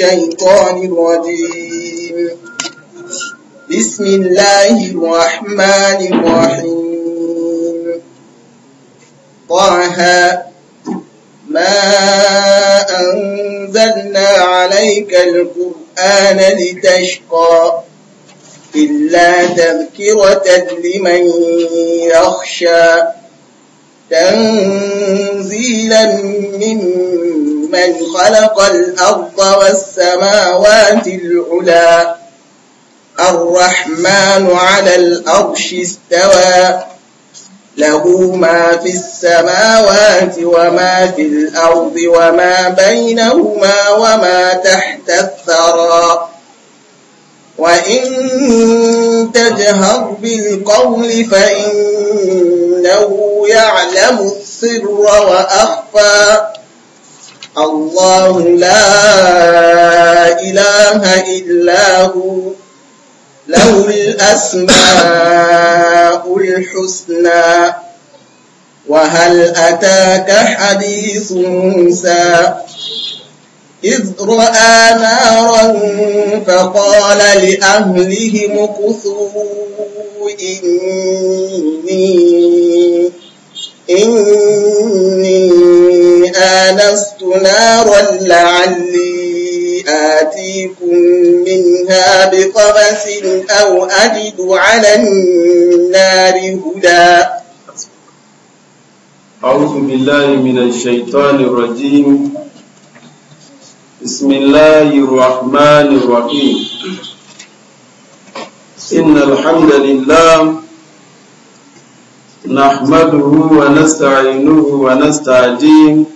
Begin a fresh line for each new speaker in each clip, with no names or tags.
الشيطان الرجيم بسم الله الرحمن الرحيم طه ما أنزلنا عليك القرآن لتشقى إلا تذكرة لمن يخشى تنزيلا ممن من خلق الأرض والسماوات العلا الرحمن على الأرش استوى له ما في السماوات وما في الأرض وما بينهما وما تحت الثرى وإن تجهر بالقول فإنه يعلم السر وأخفى الله لا إله إلا هو له الأسماء الحسنى وهل أتاك حديث موسى إذ رأى نارا فقال لأهلهم كثوا إني إني لامست نارا لعلي آتيكم منها بقبس أو أجد على النار هدى
أعوذ بالله من الشيطان الرجيم بسم الله الرحمن الرحيم إن الحمد لله نحمده ونستعينه ونستعجيه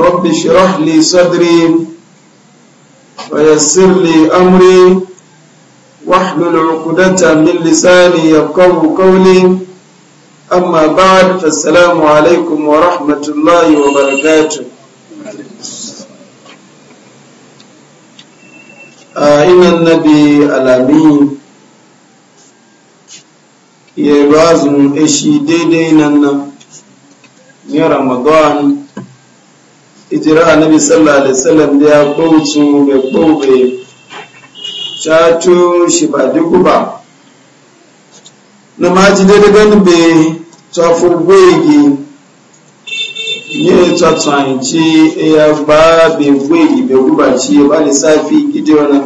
رب اشرح لي صدري ويسر لي أمري واحلل عقدة من لساني يفقه قولي أما بعد فالسلام عليكم ورحمة الله وبركاته آه، إن النبي الأمين يبازم إشي ديدينا يا رمضان ijira annabi sallallahu alaihi wasallam da ya bautu ga gbobe cato shi ba duku ba na maji daidai gani be tafo gwegi ne tattanci e ya ba be gwegi be gubaci ya ba lissafi gidi wani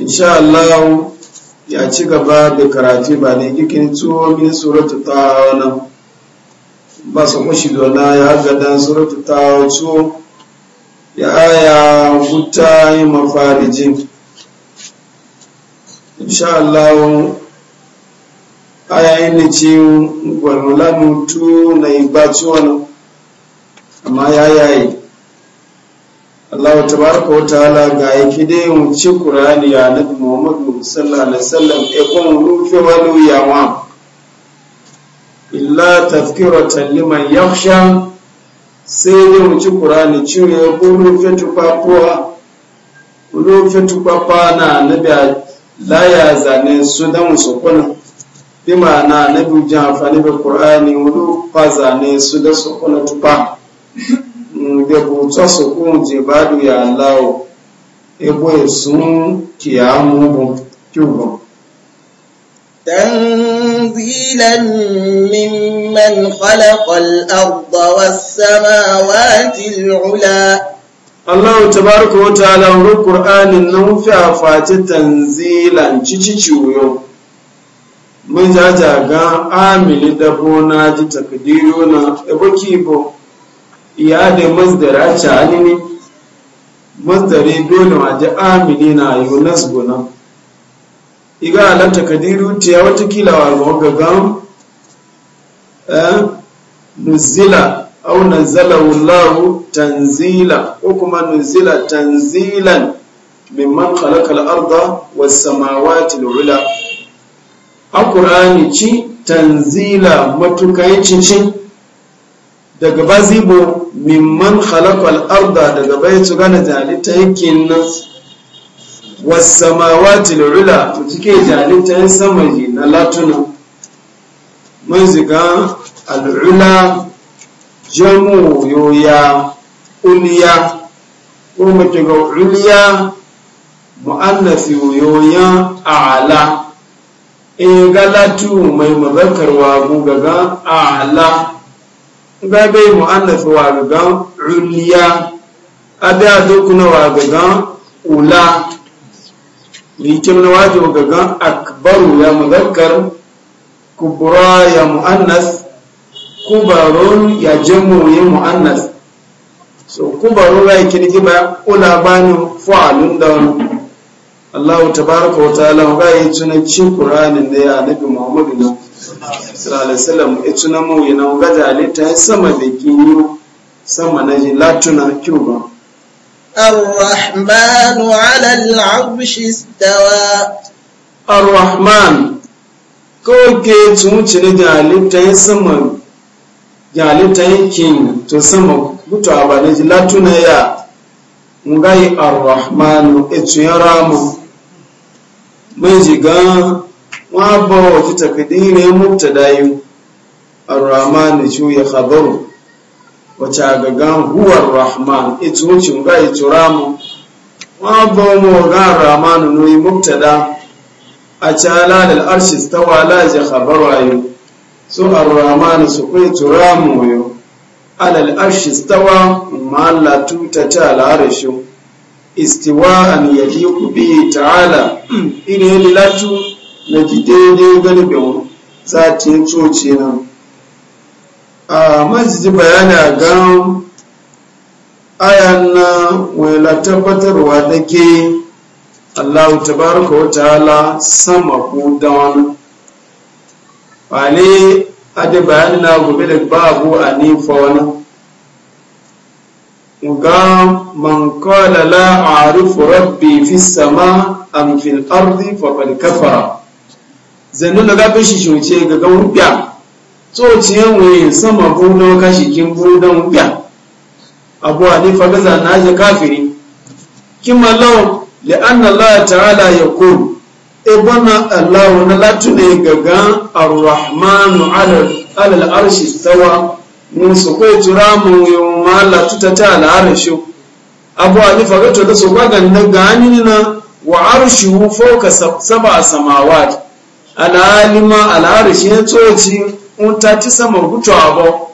insha Allah ya ci gaba da karatu ba ne kikin tuwo min suratu ta ba su kushi dona ya dan suratu ta wato ya aya guta yi mafarijin insha Allah aya ni ci gwarnulanu mutu na ibaci wani amma ya yayi Allah tabaraka wa ta'ala ga yake dai mu ci Qur'ani ya Nabi Muhammad sallallahu alaihi wasallam e kon rufe wani yawa illa tafkiratan liman yakhsha sai dai mu ci cewa cire fitu rufe tufafuwa fitu papa na nabi ya zane su dan su kuna bi na nabi jin amfani da qur'ani wudu fa zane su da su kuna tufa bu ta su kun je badu ya Allah ebo esun amu bu kyugo
dan تنزيلا ممن خلق الأرض والسماوات
العلا الله تبارك وتعالى القرآن النوفع فات تنزيلا تشيشيو mun jaja ga amili dabo na ji takdiro na ebuki bo iya da masdara ca ne dole ma ji na Yunus gona. iga alanta kadiru tiya kila wa gwagwagan eh, nuzila au nazala wallahu tanzila ko kuma nuzila tanzilan mimman khalaqa al-arda was-samawati lula alqur'ani ci tanzila matukai chi daga bazibo mimman khalaqa al-arda daga bai tsugana zalita yake nan wasamawati lula to cike jalintan sama ji na latuna mun ziga al'ula jamu yoya uliya ko mace ga uliya mu'annasi yoya ala in eh, ga latu mai mazakarwa gaga ala ga bai mu'annasi wa gagan uliya abia dokuna wa ga ula rikin na waje gagan akbaru ya mazakar kubra ya mu'annas kubarun ya jamu ya mu'annas so kubarun ya kirki ba ula bani fa'alun da wani Allah tabaraka wa ta'ala ga yi tunan cin Qur'anin da ya Annabi Muhammadu na sallallahu alaihi wasallam ya tunan mu yana ga da halitta sama da kini sama na ji latuna kyuba الرحمن على العرش استوى الرحمن kawai tun wuce ne da halittayin sama da halittayin kin to sama gutu a bane ji latuna ya ngai arrahmanu etu ya ramu mai jigan wa ba wa fita kadire mubtada yi arrahmanu shi ya khabaru wace ga huwar rahman ita wuce ga ita ramu wa mu ga rahman nuri mubtada a cala da arshis ta wala ji wayo. su arrahman su kai mu yo alal arshis tawa ma la tuta ta an istiwa'an yaliqu bi ta'ala ina latu na ji daidai galibin yi tsoce nan a ah, bayani a gan ayan na wela tabbatarwa da ke allahu tabaraka wa ta'ala sama ko don ba a da bayani na gobe da babu a nifa wani ga man kawala la rabbi fi sama a fil ardi faqad kafara zannu na gafin shi wuce ga gan rubiya tsoci yawon sama budon kashikin budon wuya abu hanifa gaza na ji kafiri kima lawan li'anna Allah ta'ala ya kuru e ibana Allah na latune gaga ar-rahmanu alal arshi stawa mun su kai tura mu yau ma latuta ta al'arshi abu hanifa gato da su gwagan na gani na wa arshihu ka sab'a samawat al'alima al'arshi ya tsoci ntati sama gutu abo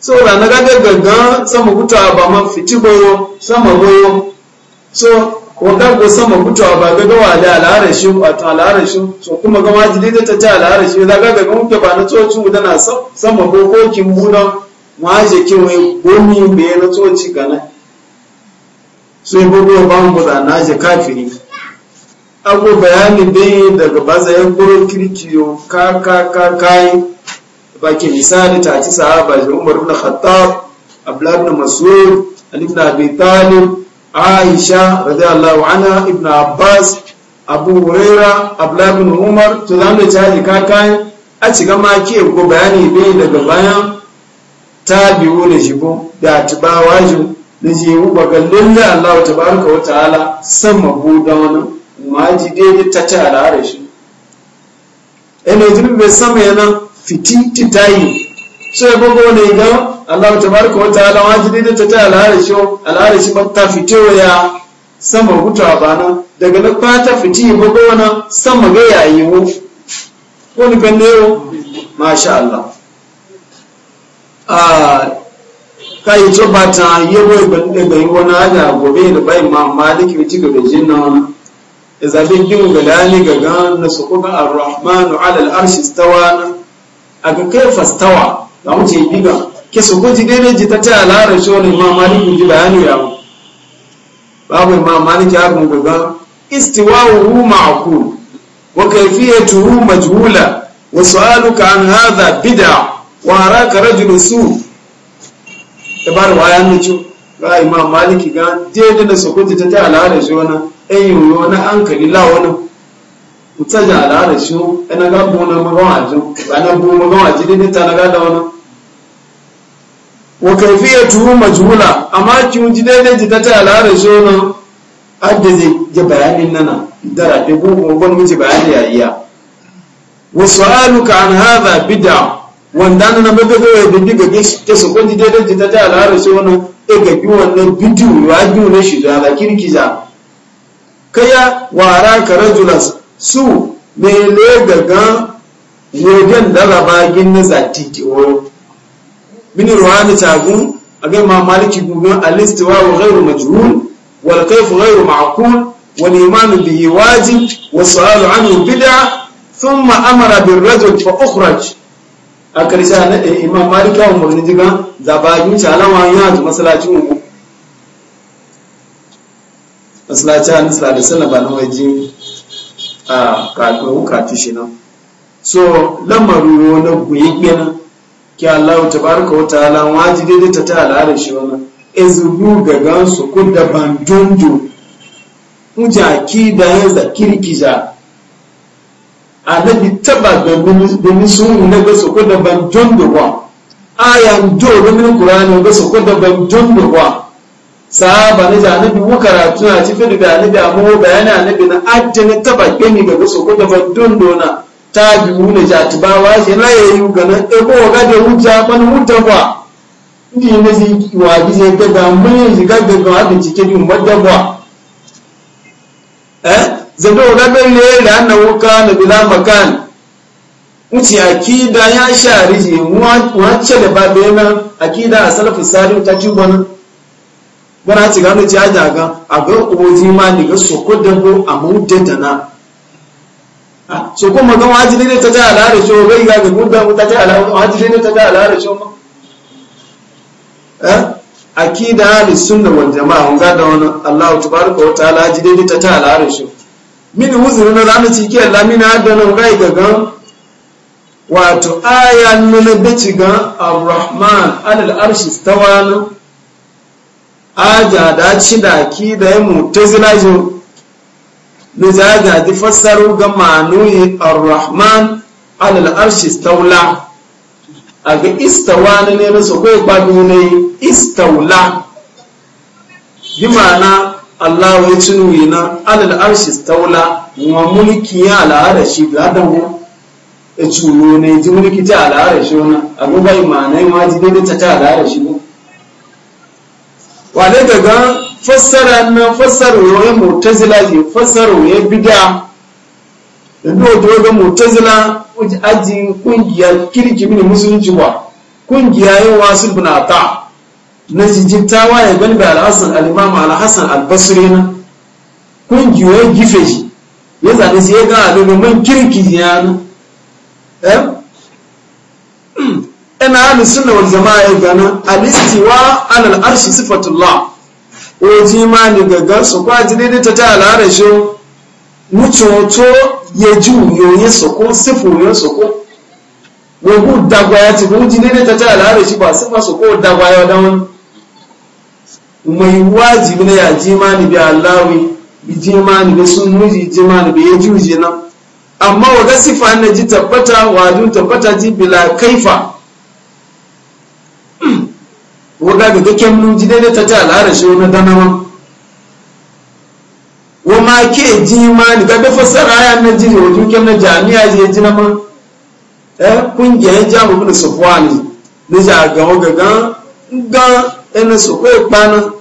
so rana ga ga sama gutu aba ma fiti boyo sama boyo so wanda go sama gutu aba ga wa da al'arashi wato al'arashi so kuma ga majidi da ta ta al'arashi za ga mun muke ba na tsoci da na sama go ko kin buna aje kin wai gomi be na tsoci kana so ibo go ba mu da na je kafiri abu bayani bai daga baza ya kuro kirkiyo ka ka ka kai ke misali ta ci sahaba da Umar ibn Khattab Abdullah ibn Mas'ud Ali ibn Abi Talib Aisha radiyallahu anha ibn Abbas Abu Huraira Abdullah ibn Umar to zan da ci ka kai a ci ga ke go bayani bai daga bayan tabi'u ne jibo da atbawa jibo da jibo ga da Allah tabaraka wa ta'ala sama budan wannan maji daidai ta ci al'ada shi ene jirgin mai sama yana fiti titayi. tayi so ya gogo wani ga Allah ta baraka wa ta'ala maji daidai ta ci al'ada shi al'ada shi ta fito ya sama a bana daga na fata fiti ya gogo wani sama ga yayi mu wani ni yau masha Allah ah kai to bata da ga ga wani haja gobe da bai ma maliki ci gaba jinna zaɓe gini da dani ga gana su kuma arrahmanu alal arshi stawa na a ga kai fastawa da wuce biga ke su kuji daidai ji ta ce a larar shi wani mamali ji bayani ya mu babu mamali ki harin ga gana istiwawu hu ma'aku wa kaifiyatu hu majhula wa su'aluka an hadha bid'a wa haraka rajulun su tabar wa ya nuci ga imam maliki ga daidai da su kuji ta ce a larar eyin yo na hankali la wani da al'ada shi ina ga bu na magawa ajin ana bu magawa ta na ga da wani wa kayfiyatu majhula amma ki mun ji dai dai ji ta al'ada shi na addazi ji bayanin nana dara da bu ko ban miji bayani ya iya wa su'aluka an hada bid'a wanda na baga zo da diga ke su kun ji dai dai ji ta al'ada shi na e ga bi wannan bidiyo ya ji ne shi da kirkiza kaya wara ka rajulas su ne daga yodin da raba na zati ki oyo min ruhani tagun aga ma maliki gugan alistiwa wa ghairu majhul wal kayf ghairu ma'qul wal iman bihi wajib wa su'al anhu bid'a thumma amara bir rajul fa ukhraj a karshe na eh, imam maliki wa murni zabagin calawa ya ji masalacin masallaci a nisra da sallama na waje a kakawun shi nan so lamaru na guyi gina ki Allah ta baraka wata ala waji daidai ta ta al'adar shi wannan ezubu ga gansu kun da bandundu muja ki da yanzu da A annabi taba domin sun sun na ga kun da da bandundu ba a yanzu domin min qur'ani ga su ku da bandundu ba sahaba ne da annabi mu karatu na cikin da annabi amma bayani annabi na ajjani tabakke ni ga so ko da bandon dona ta mu ne ja bawa shi na yayu ga nan e ko ga da wuta man wuta ba ni ne yi wa bi zai ga da mun yi ga ga ga da cikin mu madda ba eh zai do ga ban ne da annabi ka na bila makan uci akida ya shari ji mu wace da babena akida a salafus salim ta ci gona. bana ti gano ci aja gan a ga ti ma ni ga so ko dambo a mu na so ko magan waji ne ta ja ala re so be ga ga gudda ta ja ala waji ne ta ja ala da so ma eh akida ali sunna wal jamaa ga da wannan Allah tabaaraka wa taala ji ne ta ja ala re so min uzuri na zamu ci ke Allah na da na ga ga ga wato aya nuna bici ga Ar-Rahman alal arshi tawana aja da ci da ki da ya mutu jo na jaga di fassaru ga manuyi ar-rahman alal arshi taula a ga istawa na ne na su kai gbadu ne istaula bi mana Allah ya nuyi na alal arshi taula wa mulki ya al'ada shi ga dawo ya nuyi ne ji mulki ta al'ada shi wannan a ga bai ma'ana ma ji dai ta ta al'ada shi ne wane daga fassara na fassara ya mutazila ke fassara wani bida da wato da ga mutazila wajen aji kungiyar kirki mini musulunci ba kungiya yin wasu bunata na jijitawa ya gani da alhassan alimama alhassan albasuri na kungiyoyin gife ji ya zane sai ya gana da domin kirki ya eh? ina ahli suna wal jama'a ya gana alistiwa al arshi sifatullah oji ma ni gaga su kwa jini ta ta ta to shi mucoto ya ji so ko sifu yoyin bu dagwa dagwaya ti ko jini daidai ta ta al shi ba sifa ko dagwaya ya dan mai wajibi ne ya ji ma ni bi allawi bi ji ma ni bi sun muji ji ma ni bi ya ji na amma waga sifa na ji tabbata wajin tabbata ji bila kaifa woga ga duken mun ji daidai ta ta al'ada shi wani danawa wa ma ke ji ma ni ga dafa saraya na ji wa duken kyan na jami'a ji ya ji na ma eh, ya ji jamu da sufuwa ne na ji a gawa ga gan gan ɗana su kwaye kwana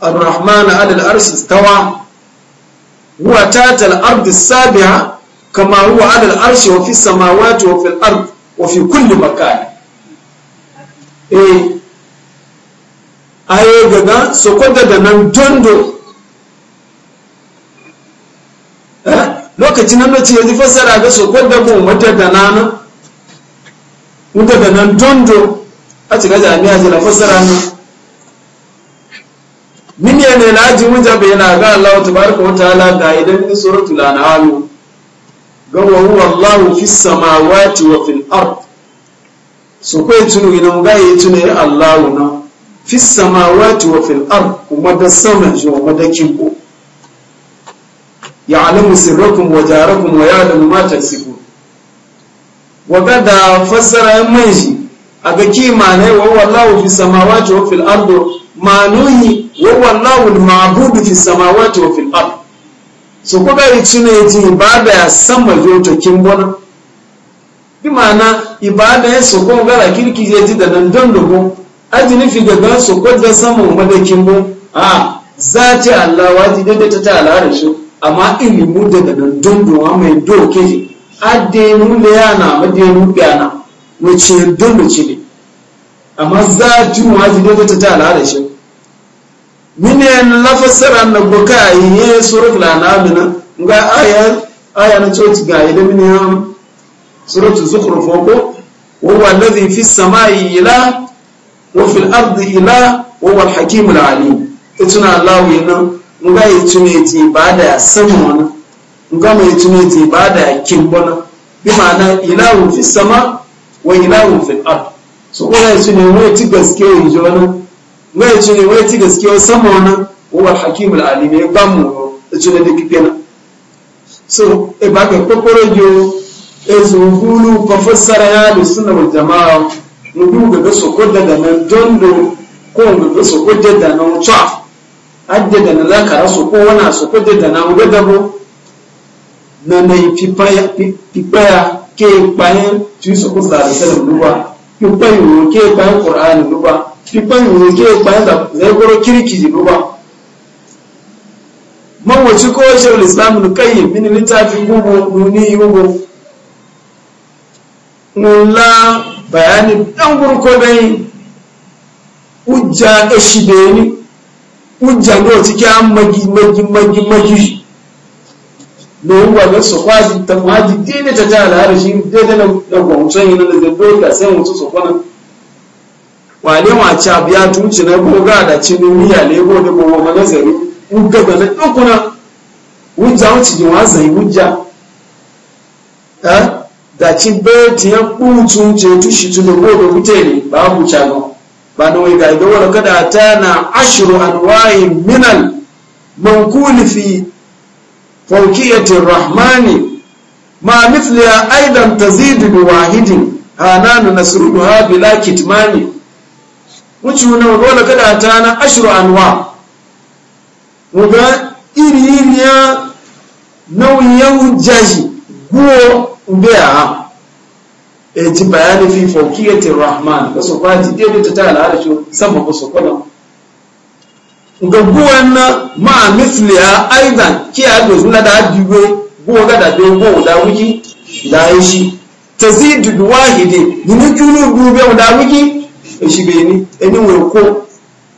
ar adal alal arshi tawa huwa tatal ardi sabiya kama huwa adal arshi wa fi samawati wa fi ard wa fi kulli makan eh aye gaga su kwada da nan dondo eh, lokacin nan mace yanzu fassara ga su da mu mata da nana wata da nan dondo a cika jami'a jira fassara ne min ya ne laji mun jabe na ga Allah tabaraka wa ta'ala ga idan ni suratul an'am ga wa huwa Allah fi samawati wa fil ard so kai tunu ina ga yi tunu Allah na fi samawati wa fil ard kuma da sama ji wa madakin ko ya'lamu sirrakum wa jarakum wa ya'lamu ma taksibu wa kada fassara yan man shi a ga kima ne wa wallahu fi samawati wa fil ard manuhi wa wallahu al ma'budu fi samawati wa fil ard so ko ga itune ji ibada ya sama ji to kin bona bi ma'ana ibada ya so ko ga kirki ji da nan don dogo ajini fi gaga su kwadda samun madakin mu a za ce Allah waji daidai ta da shi amma ilimu daga nan dunduwa mai doke shi adenu da yana madenu yana wace dundu ci ne amma za ji waji daidai ta da shi mine lafasara na boka yi suratul anam na ga aya aya na coci ga da mine suratul surat ko wa huwa alladhi fis samai ila wafil ardi ila wawar hakimul alim ituna allahu yana nga yi tuni ti da ya sama wani nga mai tuni ti bada ya kimbona bi ma'ana ilahun fi sama wa ila wufi ard so kuma yi tuni wai ti gaske yi ji wani nga yi tuni wai ti gaske wa sama wani wawar hakimul alim ya gbamu ya tuni da kipena so e ba ka kokoro yo ezu hulu ka fassara ya da sunna wal jama'a nugu gaga soko daga nan dondo ko so ko jeda na wuta adde da na ko soko wana soko jeda na wuga dabo na na pipaya pipaya ke bayan tu soko sare salam luba pipaya wo ke bayan qur'ani luba pipaya wo ke bayan da zai goro kirki luba mawaci ko shehul islam nu kai min littafin gugu nuni gugu nula bayani dan gurko bai ujja da beni ujja no tike an magi magi magi magi no wa ga so kwaji ta maji dine ta ta alhari shi dai da da gwamnatin yana da dole ka sai mutu su kwana wale wa ci abu ya tuci na goga da cinu miya ne ko da gowa ma nazari ugga ga na dokuna ujja wuci ji wa zai ujja eh gaci beti ya kutu ce tushi tu da gobe ne ba mu ca ba ba na wai gaida wala kada ta na ashiru anwa'i minal mankuli fi fawqiyatir rahmani ma mithliha aidan tazidu bi wahidin hananu nasruha bila kitmani wuce na wala kada ta na ashiru anwa muga iri iri ya nauyin jaji guwo biya e ti bayani fi fawkiyati rahman kaso ba ti dai ta tata al'ada shi sama ba su kula ga buwan ma misliya aidan ki a da zuna da digo go ga da be go da wiki da yi shi tazidu bi wahidi ni kunu du be da wiki shi be ni eni we ko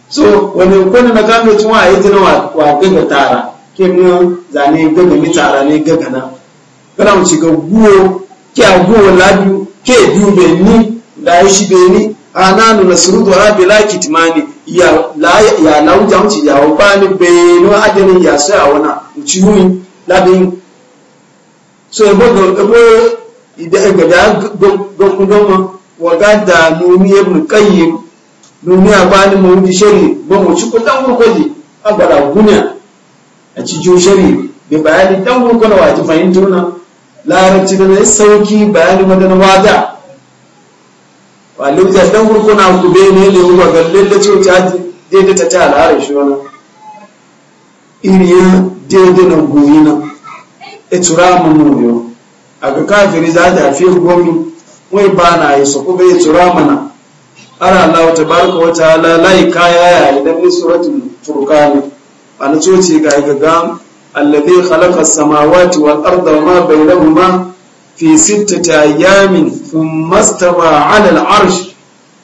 so wani ko na ga mu tun wa yi tana wa gaga tara ke mu zane gaga mi tara ne gaga na kana mu ci ga guwo ke a guwo labiyu ke biyu bai ni da ya shi bai ni a nanu na surutu a rabi la kitimani ya lauja mu ci ya wa ba ni bai ni wa adini ya sai a wana mu ci yi labiyu so ebo ebo ga egada gongoma waga da nuni ibn qayyim a abani mu di shari ba mu ci ko dan gurkoji agbara gunya a ci ju shari bi bayani dan gurkola wa fahimtar fahimtuna larabci da mai sauki bayani madana wada walau da dan kurkuna ku be ne da ruwa ga lalle ce ta daidai ta ta al'arar shi wani iriya daidai na goyi na e tura mu mu yo a ga kafiri za ta fi gomi wai ba na yi su kuma ya e tura mana ara Allah tabaraka wata ala layi kaya ya idan ni suratul furqan an ce ga ga alladhi khalaqa as-samawati wal arda wa ma bainahuma fi sittati ayamin thumma istawa 'ala al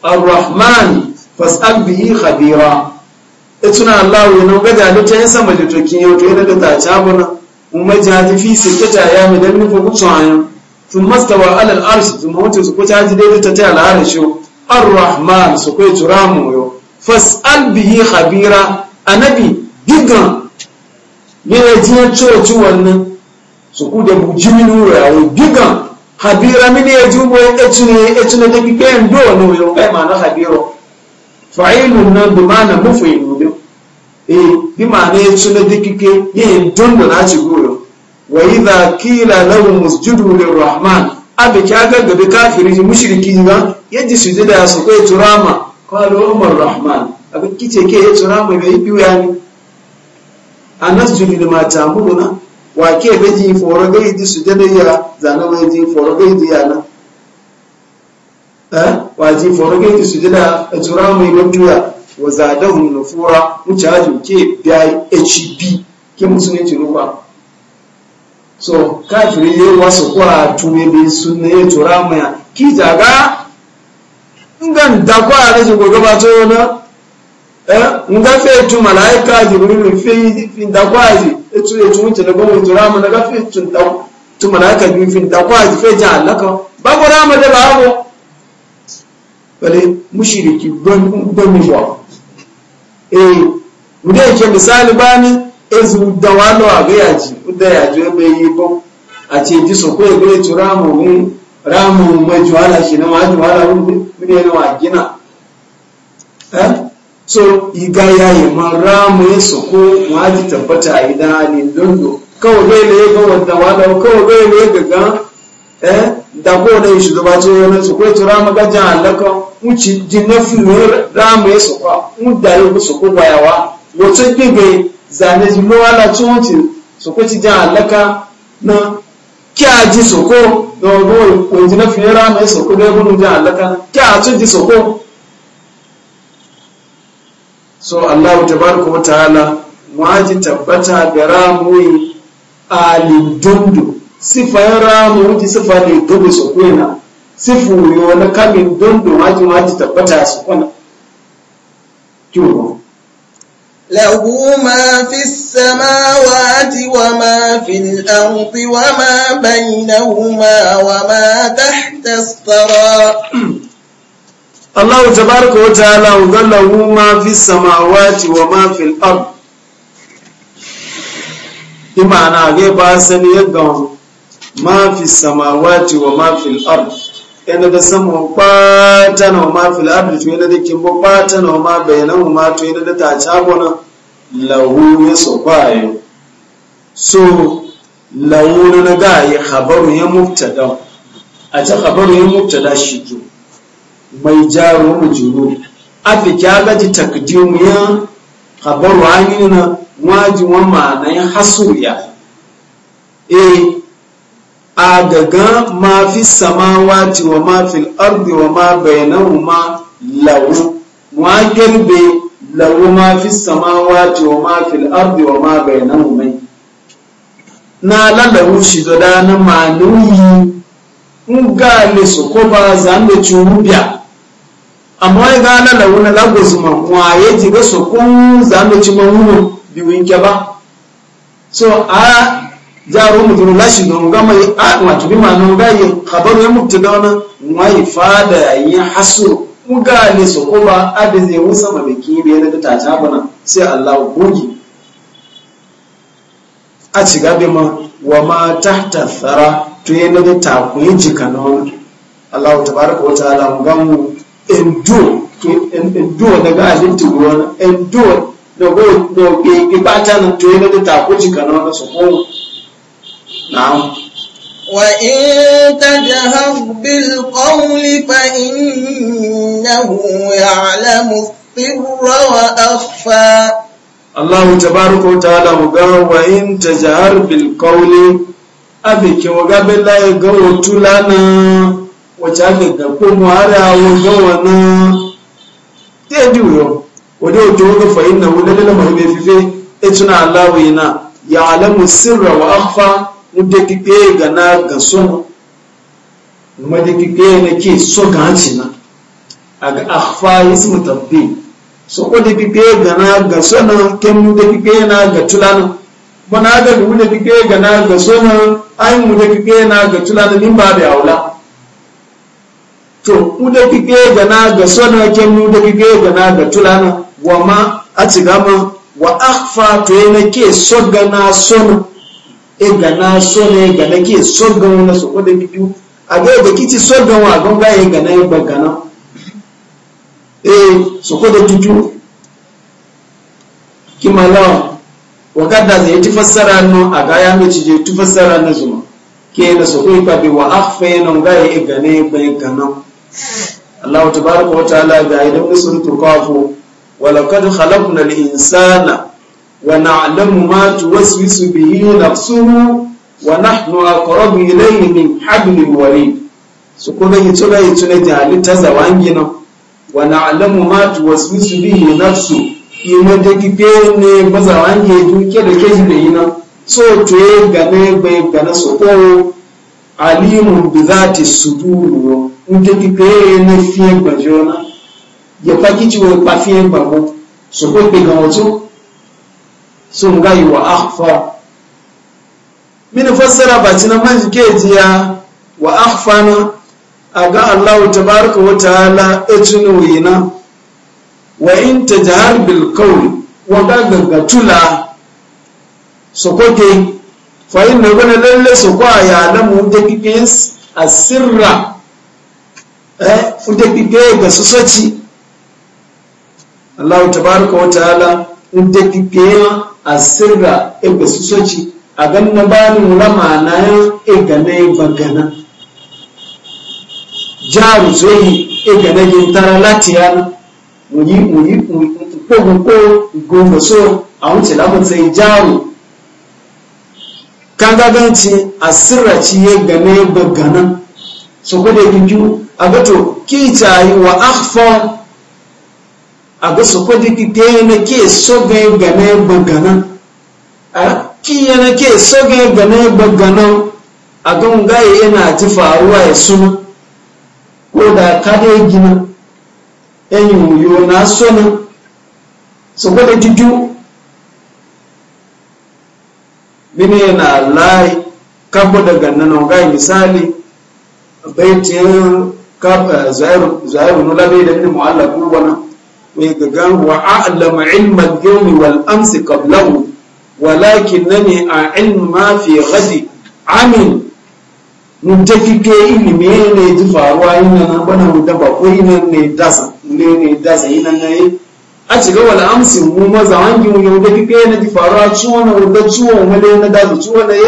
ar-rahman fas'al bihi khabira ituna Allah wani gaja da ta yin sama da tokin yau to yana da ta cabuna umma jaji fi sittati ayamin dan nufa gutsuwa thumma istawa 'ala al-'arsh thumma wata su ko jaji ta ta al-'arsh ar-rahman su ko turamu yo fas'al bihi khabira anabi gigan bina jiyan coci wannan su ku da jiminu rayu gigan habira mini ya jubo ya etune etune da kike yin do no yo kai ma'ana na habiro fa'ilun nan bi ma na mufilu bi eh bi ma na etune da kike yin don da naci goyo wa idha qila lahum usjudu lirrahman abi kaga ga bi kafiri mushriki ba yaji sujuda su kai turama qalu umar rahman abi kice ke turama bai ya yani a nasjudu lima na wa ke beji ji foro gai su da ya zana mai ji foro gai ya na eh wa ji foro gai su da a tura mai mutuya wa zadahum nufura mutaju ke bai hb ke musulunci ruwa so kafiri ye wasu kwa tume bi sunne ye tura mai ki daga ngan dakwa da ji gogaba to na Eh? ngafe tu malaika jibrilu fi e e fi etu etu mutu gomu turama na tu da malaika bi fi dakwaji fe ja allaka rama da babu bale mushiriki gon wa eh, ke misali bani ezu da walo agayaji uda ya je yi ko gure turama mun ramu majwala shi na majwala mun ne na so iga yayi mara mu yeso ko waji tabbata a idanin dondo kawai bai ne ga wanda wada kawai bai ne ga ga eh da ko da shi da bace yana su ko tura maga jan alaka uci jinafu ra mu yeso ko un da yi su ko bayawa wato gibe zane ji mu wala tunci su ko ci jan alaka na ki kya ji su ko da ko jinafu ra mu yeso ko da gudu jan alaka ki kya ji su ko so allah tabaraka wa ta'ala waji tabbata ga ramuyi alidundu sifan ramu wuji sifa ne dubu su kwena sifu yo na kamin dundu waji waji tabbata su kwana kyuwa
له ما في السماوات وما في الأرض وما بينهما وما تحت
الثرى Allah tabaraka wa ta'ala gallahu ma fi samawati wa ma fil ard imana ge ba sani yaga ma fi samawati wa ma fil ard yana da samu kwata na ma fil ard to yana da kimbo ta na ma bayanan ma to yana da ta chabona lahu ya sobayo so lahu na ga ya khabaru ya mubtada a ta khabaru ya mubtada shi mai jaro mu juro afi kya gaji takdimu ya khabaru ayini na waji wa ma'ana ya hasuriya eh a daga ma fi samawati wa ma fil ardi wa ma bainahuma lawu wa girbe lawu ma fi samawati wa ma fil ardi wa ma bainahuma na lalawu shi da na manuyi ngale sokoba zando churubya amma ya gane da wani lagos ma ya ji ga su kun zame ci ma wuro bi winke ba so a jaro mutum lashi don gama yi a wato bi ma nan ga yi ya mutu da wani mai fada yi hasu muga ne su ko ba a zai wusa ma biki ne na ta ta bana sai Allah gogi a ci gabi ma wa ma ta thara to na da takuyi jikanon Allah tabaraka wa ta'ala mu gamu endure da daga alinti wani endure da goge ibata na to yana da takoji kana wani su kowa na'am وإن تجهر
بالقول فإنه يعلم السر وأخفى
الله تبارك وتعالى وقال وإن تجهر بالقول أبيك وقبل لا يقول تلانا wacce da komo ko muhara wanga na ya juyo wani wajen wani fa'in na wani lalala mai mai fife ya tuna allahu yana ya alamu sirra wa afa mude kike ga na ga son mude kike na ke so ga hanci na a ga afa ismu tabbi so ko de kike ga na ga son ken mude kike na ga tulana bana ga mude kike ga na ga son ai mude kike na ga tulana ba da aula to ude kike gana ga sona ke mu da kike gana ga tulana wa ma atigama wa akfa to yana ke gana sona e gana sona e gana ke sogana na so da kike a ga da kici sogana wa gonga e gana e bagana e so ko da kike kimalawa wa kada zai ti fassara no a ga ya mace je ti fassara na zuma ke na so ko e ka bi wa akfa yana e ga e gana e bagana Allah tabaraka wata ta'ala ga idan sun tukafu walaqad khalaqnal insana wa na'lamu ma tuwaswisu bihi nafsuhu wa nahnu aqrabu ilayhi min hablil warid su kuma yi tuna yi tuna da halitta zawangi nan wa na'lamu ma tuwaswisu bihi nafsu ima da kike ne bazawangi duke da keji da yinan so to ye gane bai gane su ko alimun bi zati sudur nteki pee ne fie gbadzo na yepa kitsi wo kpa fie gbabo soko kpe gã wo tso so wa akhfa min fassara batina man ke jiya wa akhfana a ga tabaraka ta ta'ala etunu yina wa in tajhar bil qawl wa gaga tula sokoke fa inna gona lalle sokwa ya lamu da kikin asirra eh fude bibe ga sosoci Allah tabaraka wa ta'ala in da bibe a sirra e ga sosoci a na bani ulama na e ga ne bagana jaru zai e ga ne tara latiya muyi muyi ko ko goma so a wuce lamun sai jaru kan gaganci a sirra ci ya e gane bagana su kuda giju a gato kicayi wa akhfa a ga su kuda gite na ke so ga gane gana a ah, kiya na ke so ga gane gana a ga ngaye yana ti faruwa ya suna ko da kada gina yan yiwuyo na sona su kuda giju mine na lai kabo daga nan ga misali baitin zairu nula bai da ni Allah kowane mai gagan wa a'lama ilmal yawmi wal amsi qablahu walakin nani a ma fi ghadi amin mun tafi ke ilimi ne ji faruwa ina na bana mu daba ko ina ne dasa ne ne dasa ina ne a cikin ga amsi mu maza wangi mu yau tafi ke ne ji faruwa ciwon na wanda ciwon wale na dasa ciwon ne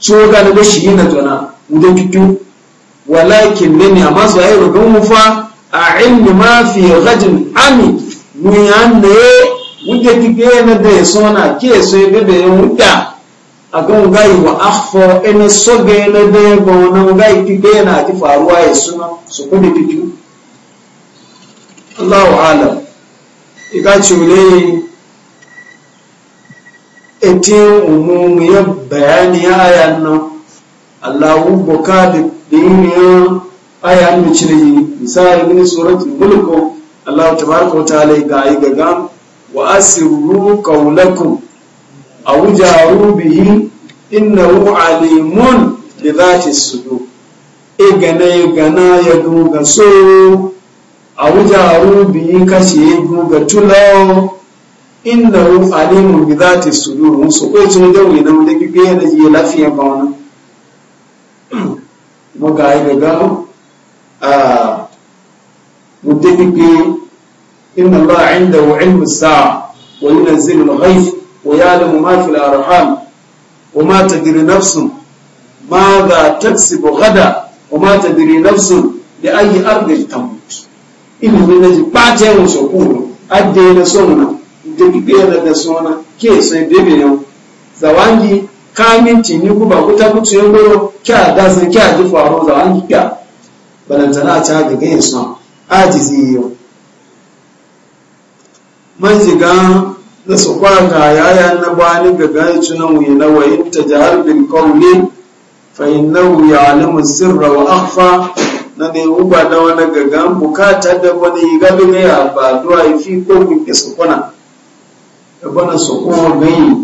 ciwon ga na shi na tona da kitu walakin ne ne amma su ayi rugan mufa a ilmi ma fi gajin ami ni an ne wuda kike na da so na ke so ya bebe ya wuda a kan gai wa akhfa ina so ga na da ya ba wannan gai kike na ti faruwa ya suna su tutu. kitu Allahu alam iga chule etin umumu ya bayani ayan nan allahu boka da yin aya mu cire misali min suratul mulk allah tabaraka wa ta'ala ga yi gaga wa asiru qawlakum aw jaru bihi innahu alimun bi dhati sudur e gana e gana ya e duga so aw jaru bihi kashi duga e tulo innahu alimun bi dhati sudur so ko ce da wani da kike da ji e lafiya ba wannan ga yi gaga a mutafifi inna Allah inda wa ilmu sa'a wa yunazzilu al-ghayth wa ya'lamu ma fil arham wa ma tadri nafsun ma za taksibu ghada wa ma tadri nafsun bi ayyi ardin tamut ilmi na ji bace mu so ku adde na so mu da bibiya da sona ke sai bebe yau zawangi kaminci ni ku ba ku ta kuce ya goro kya da sun kya ji faru za an kya balantana a ca ga gayin zai ajizi yau man shiga da su kwaka ya na bani ga gani tunan wuyi na wayin ta jihar bin kauli fa innahu ya'lamu sirra wa a'fa, na ne uba da wani gagan bukata da wani gabi ne a ba duwa fi ko ke su kuna da bana su kuma gayi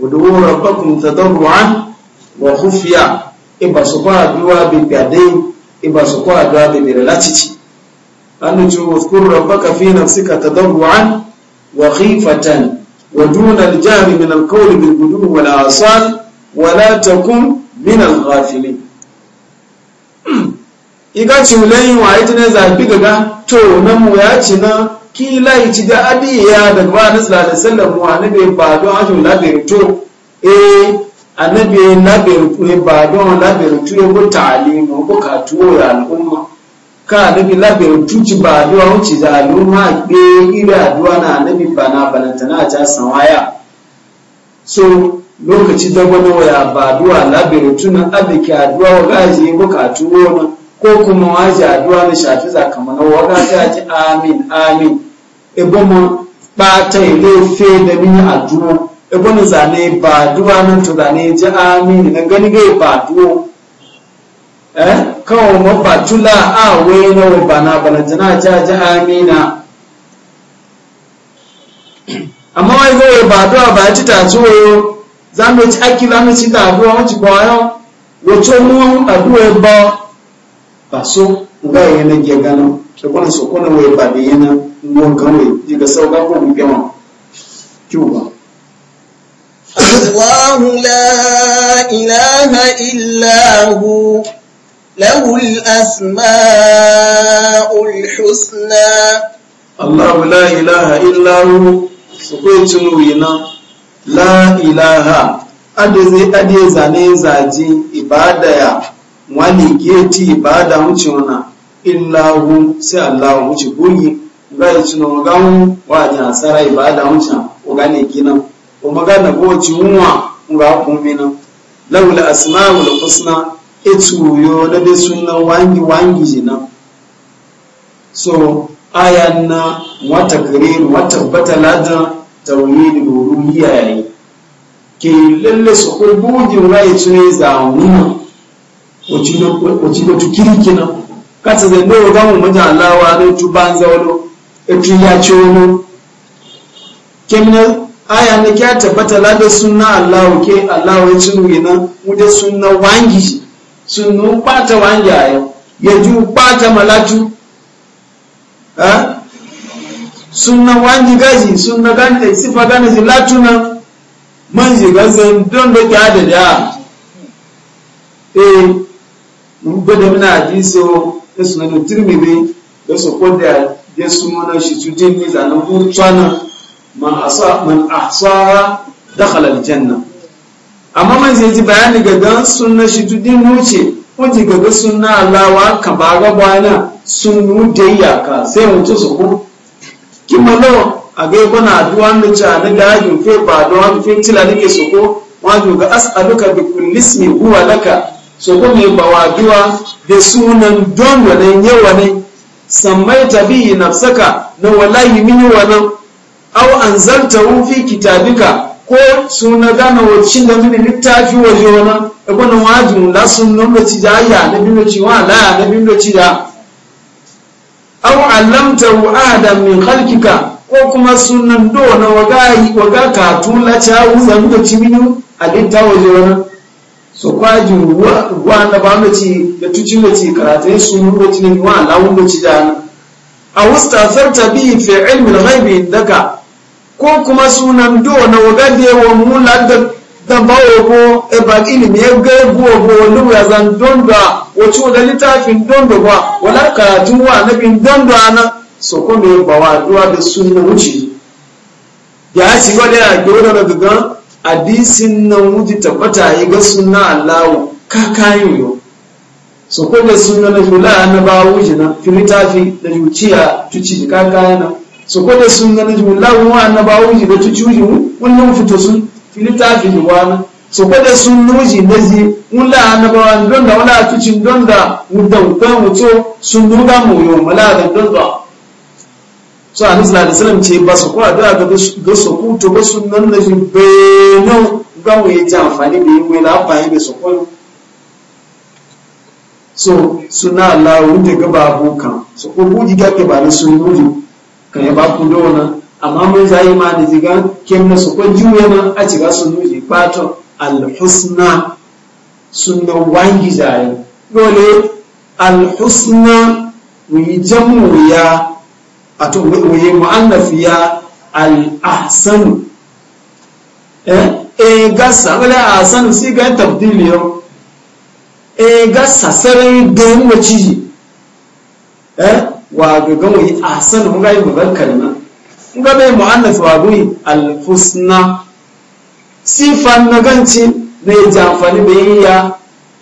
ودعوا ربكم تضرعا وخفيا إبا سقوا أدوا ببعدين إبا سقوا أدوا ببرلاتي أن تذكر ربك في نفسك تضرعا وخيفة ودون الجهر من القول بالغدو والآصال ولا تكن من الغافلين iga wa gaga to mu ya ci na kila yi ci da ya daga ba na sallallahu alaihi wasallam wa nabi ba don ajo labirin to eh annabi labirin e ba don labirin to e ko ta'alimu ko ka tuwo ya al'umma ka annabi labirin ci ba don wuce da al'umma be ira addu'a na annabi ba na na ja sanwaya so lokaci da wani waya ba addu'a labirin na abiki addu'a ga ji ko ka tuwo na ko kuma waje addu'a na shafi sakamakon waga ta ji amin amin ibo mu bata ile fe da mini addu'a ibo ni zane ba addu'a nan to zane ji amin nan gani gai ba addu'a eh kawo mu ba tula a we na we bana bana jana ta ji amina amma wai gai ba addu'a ba ci ta zuwa zamu ci akila mu ci da addu'a mu ci bayan wato mu addu'a ba paso nga yena jegano sokona sokona we bade yena ngo gawe diga sauka ko mukema cuba
الله لا إله إلا هو له الأسماء الحسنى
الله لا إله إلا هو سكوت نوينا لا إله أدزي أدزي زاني زاجي إبادة wani geti ba da wuce wana illahu sai allahu wuce goyi ga yi cinu mu wa ji asara ba da wuce o gane gina o magana ko wace wunwa ga kumina laula da husna itu e yo da dai sunan wangi wangi jina so ayyana, wata gare wata batala da tauhidul rububiyya yayi ke lalle su yi rai tune zamuna ochigo tukirikina kati ze ndo gamu manja alawa ne tubanza wolo etu ya chono kemna aya ne kya tabbata la da sunna Allah ke Allah ya cinu yana mu da sunna wangi sunnu pata wangi ayo yaju pata malaju ha sunna wangi gaji sunna gani sifa gani zilatuna manji gazan don da ke adada eh gbọ́dọ̀ ní àdíṣe ẹ̀sùn ẹnu tìrìmìlì lọ́sọ̀ kọ́dẹ̀ àdíṣe mọ́nà ṣètò dín ní ìlànà fún tọ́nà man àṣọ́ra dákàlà janna. amma man zai ji bayani ga sunna shètò dín wuce wọ́n ti gaga sunna aláwa kan bá gaba yana sunnu da sai mutu su kú kí mọ́nà àgbẹ̀gbọ́n ní ci àdúrà yìí ba bá àdúrà fẹ́ tìlà ke su kú wọ́n ju ga as'aluka bi kullismi laka so ba wa bawaduwa da sunan don wannan yawa ne sammai tabi nafsaka na wallahi mini wannan au an zarta fi kitabika ko suna gana wacin da mini littafi waje wani e ikon nan wajin da sun nan da ci da ya na bin ci wa la na bin da ci da au allamta adam min khalqika ko kuma sunan do na waga waga ka tun la cha wuza da ci mini a littafi waje wani so kwaji ruwa na ba mace da tuci mace karatun su mace ne wa lawun mace da nan a wusta zarta bi fi ilmin ghaibi daga ko kuma sunan do na wagade wa mula da dan bawo ko e ba ilimi ya ga go go lu ya zan donda wato da litafin donda ba wala karatun wa nabin donda na so ko me ba wa duwa da sunna wuce ya ci wa da gora da gaga hadisin nan wuji tabbata yi ga suna allahu ka kayan yau so ko da suna na jula na ba wuji na filitafi da juciya tuci ka kayan na so ko da suna na jula wa na ba wuji da tuci wuji wannan fito sun filitafi da wani so ko da sun wuji na zi wula na ba wani don da wani tuci don da wudan kwan wuto sun duba mu yau mala da don da so a nisla da salam ce ba su kwa da ga su kuto ba su nan na jibbe nan ya ji amfani da yi mai amfani da su kwano so suna Allah da gaba abokan so ko buji gake ba na sun gudu kan ya ba ku dona amma mun zai ma da ziga ke na su ko juye na a ci sun gudu fato alhusna sun na wangi zai dole alhusna husna mu yi ya ato waye mu'annaf ya al-ahsan eh e gasa wala ahsan si ga tabdil yo e gasa sare don waci eh wa ga ga wai ahsan mun ga yi mubakkar na mun ga bai mu'annaf wa gui al-husna sifan naganci ne jamfani bai ya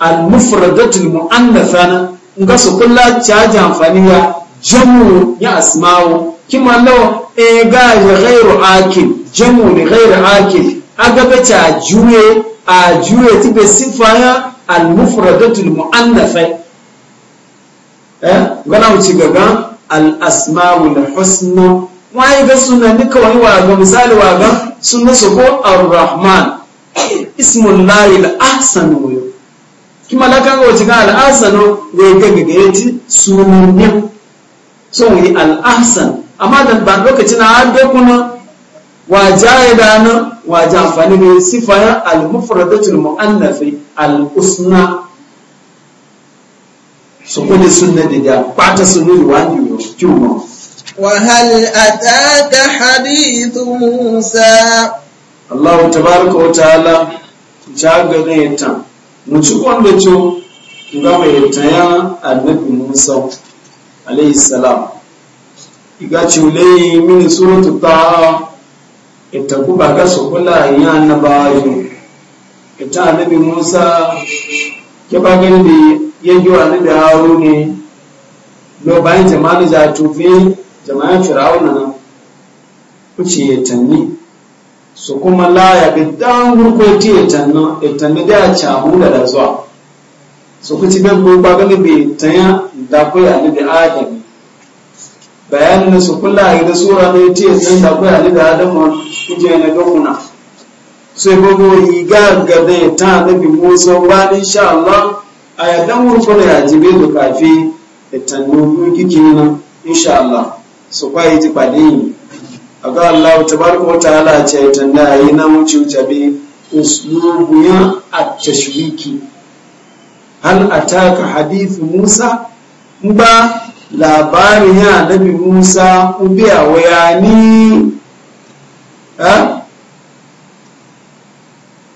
al-mufradatul mu'annafa na mun ga su kullu ta jamfani ya jamu ya asma'u kima law e eh, ga ya ghairu akil jamu ni ghairu akil aga bata juye a juye ti be sifaya al mufradatu al muannafa eh gana mu ci gaga al asma'ul husna wai ga sunan ni kawai wa ga misali wa su ko ar-rahman ismullahi al ahsan kima al so wi al'ahsan amma da ba lokacin na an bai kuna waje ya dana waje amfani mai sifayen al-mufradatul mu'annafi al-usna su kuli sunna da da kwata sunuri wani yau kyuma
وهل أتاك حديث موسى
الله تبارك وتعالى jaga ne ta mu ci wanda ce ga mai taya annabi Musa alayhi salam iga cule mini suratu ta ita ba ga ya na ba yi ita annabi musa ke ba gani da wa annabi haru ne lo bayan jama'a da tufi jama'a na nan kuce ya tanni su kuma la ya bi dan gurkwai ya tanni da ya camu da zuwa su kuci bai gurba ga bai tanya da kai annabi adam bayanin na su kula a gida sura ne ce nan da kai da adam wa kuje na gona sai gogo yi ga gada ta annabi Musa ba insha Allah a yadan da ya jibe da kafi da tannu kike nan insha Allah su kwaye ji pade a ga Allah tabaraka wa ta'ala ce tanna yi na wuce wuce bi uslubu at-tashwiki hal ataka hadithu musa ba labarin ya nabi musa ubiya waya ni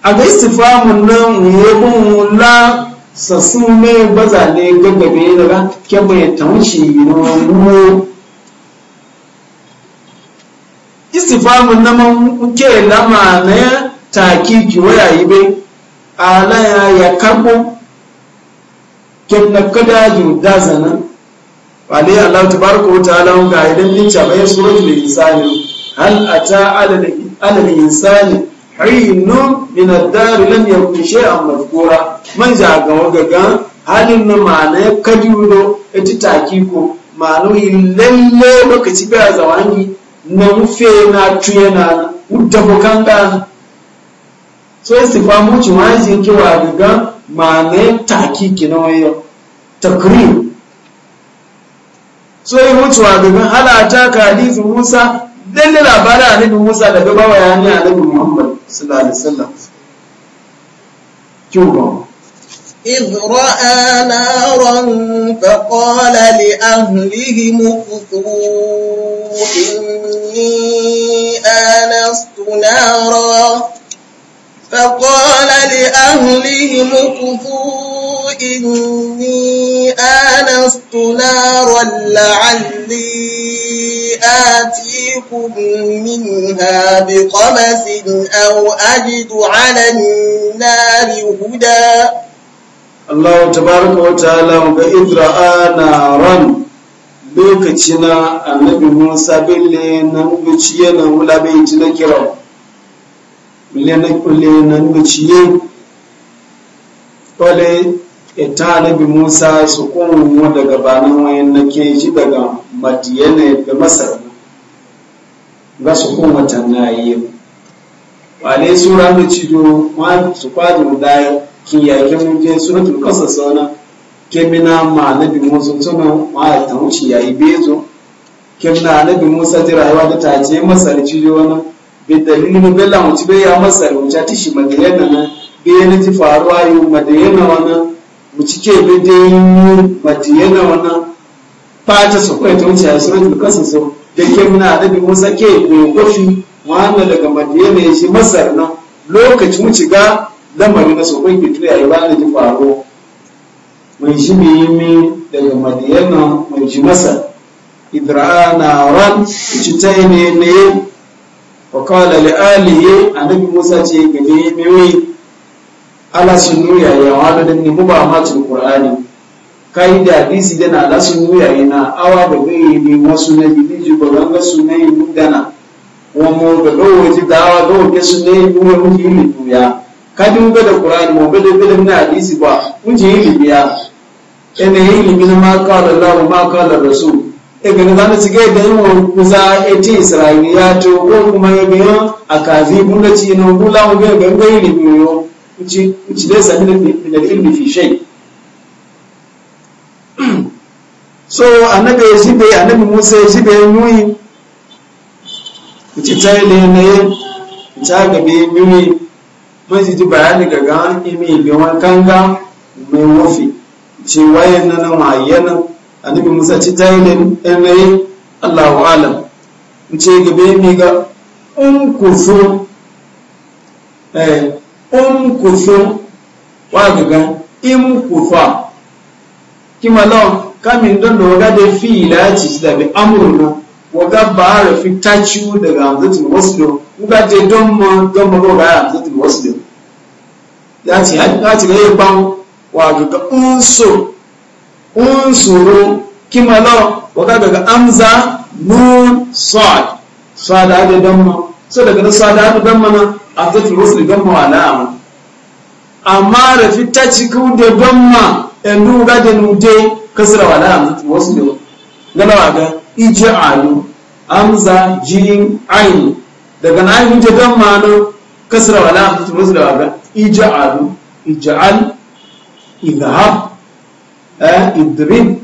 a ga istifamun nan yabon wula sassu ne baza ne gaggabe daga kyanwa ya taunci na ruwo istifamun na ke lama na ya taki kiwaya yi bai alaya ya karbo kidnap kada yu da zanan wale Allah tabaraka wa ta'ala ga idan min cabayin suratul insani hal ata ala insani hinun min ad-dar lam yakun shay'an madhkura man ja ga wagaga halin na ma'ana kajudo taki ko ma'ana lalle lokaci ba zawani na mufe na tuye na udda bokanga so istifamu ci wajin kiwa gaga ma'anayin tahakiki na wayo takrim so yi mutuwa domin halata ka hadisin musa lalle labarin annabi musa da gaba bayani annabi muhammad sallallahu alaihi wasallam kyau
إذ رأى نارا فقال لأهلهم اكثروا إني آنست نارا فقال لأهلهم كفوا إني آنست نارا لعلي آتيكم منها بقمس أو أجد على النار هدى
الله تبارك وتعالى وإذ رأى نارا لوكتنا النبي موسى بالله نوبتشي ولا بيتنا كرام lena nuciye kwale ita nabi musa su kuma daga banan wayan na ke ji daga madiyana da masar ga su kuma yau. wale sura da cido su kwadu da kiyake mun tun suratul qasas wana kemina ma nabi musa tuma ma ta wuce yayi bezo na nabi musa ji rayuwa da ta ce masar cido wana bi dalilin bella wuce bai ya masar wuce ta shi madayana na bayan ji faruwa yi madayana wannan wuce ke bi dai madayana wana. fata su kawai ta wuce a shirin da kansu so da ke muna da bi musa ke bai kofi wannan daga madayana ya shi masar na lokacin wuce ga lamarin na su kawai ke tuya ya bani ji faruwa mai shi mai yi daga madayana mai shi masar na ran ci ta yi ne ne wakala li alihi annabi musa ce gane mewe ala sunu ya ya wala da muba ma cin qur'ani kai da hadisi da na ala sunu ya na awa da bai ni wasu na bi ji ko ganga sunai mudana wa mo ga do ji dawa do ke sunai mu mu ji ni duya kadin ga da qur'ani mo ga da bi hadisi ba mun yi ma rasul ebene zana cike da kuza eti israeli to ko kuma ya biyo a kazi bunda ci na gula mu biyo ban bai ne biyo uci uci dai sami da ilmi fi shay so annabi ya jibe annabi musa ya jibe nuyi uci tai ne ne ta ga bi nuyi mun ji bayani ga ga imi bi wan kanga mai wofi ci wayan nan ma annabi musa ci jahilin ɗanayi allahu alam in ce gabe mi ga in um kuso eh in um kuso wa gaga in kufa kima lawan kamin don da waga da fi ilaci ci da bi amurna waga ba a rafi taciwo daga hamzatul waslo waga je don ma don ma ga hamzatul waslo ya ce ya ci ga yi ban wa gaga in so unsuru kimalo waka daga amza nun sad sad ade damma so daga da sad ade damma na abdul rusul damma wala amma amma da fitacci ku da damma endu ga da nude kasra wala amma wasu ne gana waga ij'alu amza jim ain daga na ayin da damma na kasra wala amma wasu da waga ij'alu ij'al idhab Eh? idrib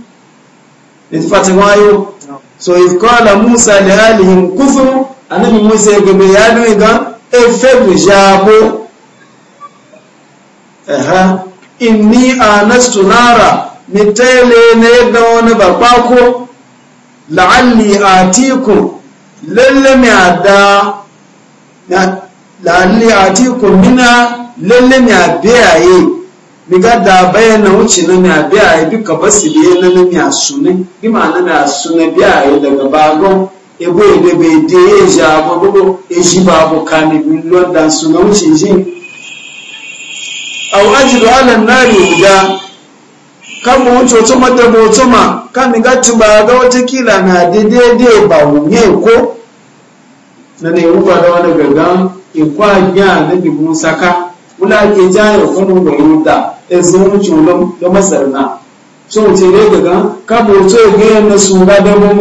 ifati wayo so if qala musa li alihim kufru anabi musa ya gabe ya nui ga efebu eh, jabo aha inni anastu nara mitele ne da wani babako la'alli atikum lalle mi ada la'alli atikum mina lalle mi abiyaye biga da bayan na wuce na na biya yi duka basu biye na na na sune bi ma na na sune biya yi daga bagon ebo ede be de eji abo gbogbo eji ba abo ka ni bi london sune wuce ji aw ajidu ala nari guda kama wuce wato mata ba wato ma kan ni gati ba ga wata kila na daidai ba wu wunye ko na ne wuba da wani gagan ikwa e gya na bi musaka muna ke jayar kuma ga yuda in sun wuce da masar na so ce ne daga kabo to ga na su ga da mu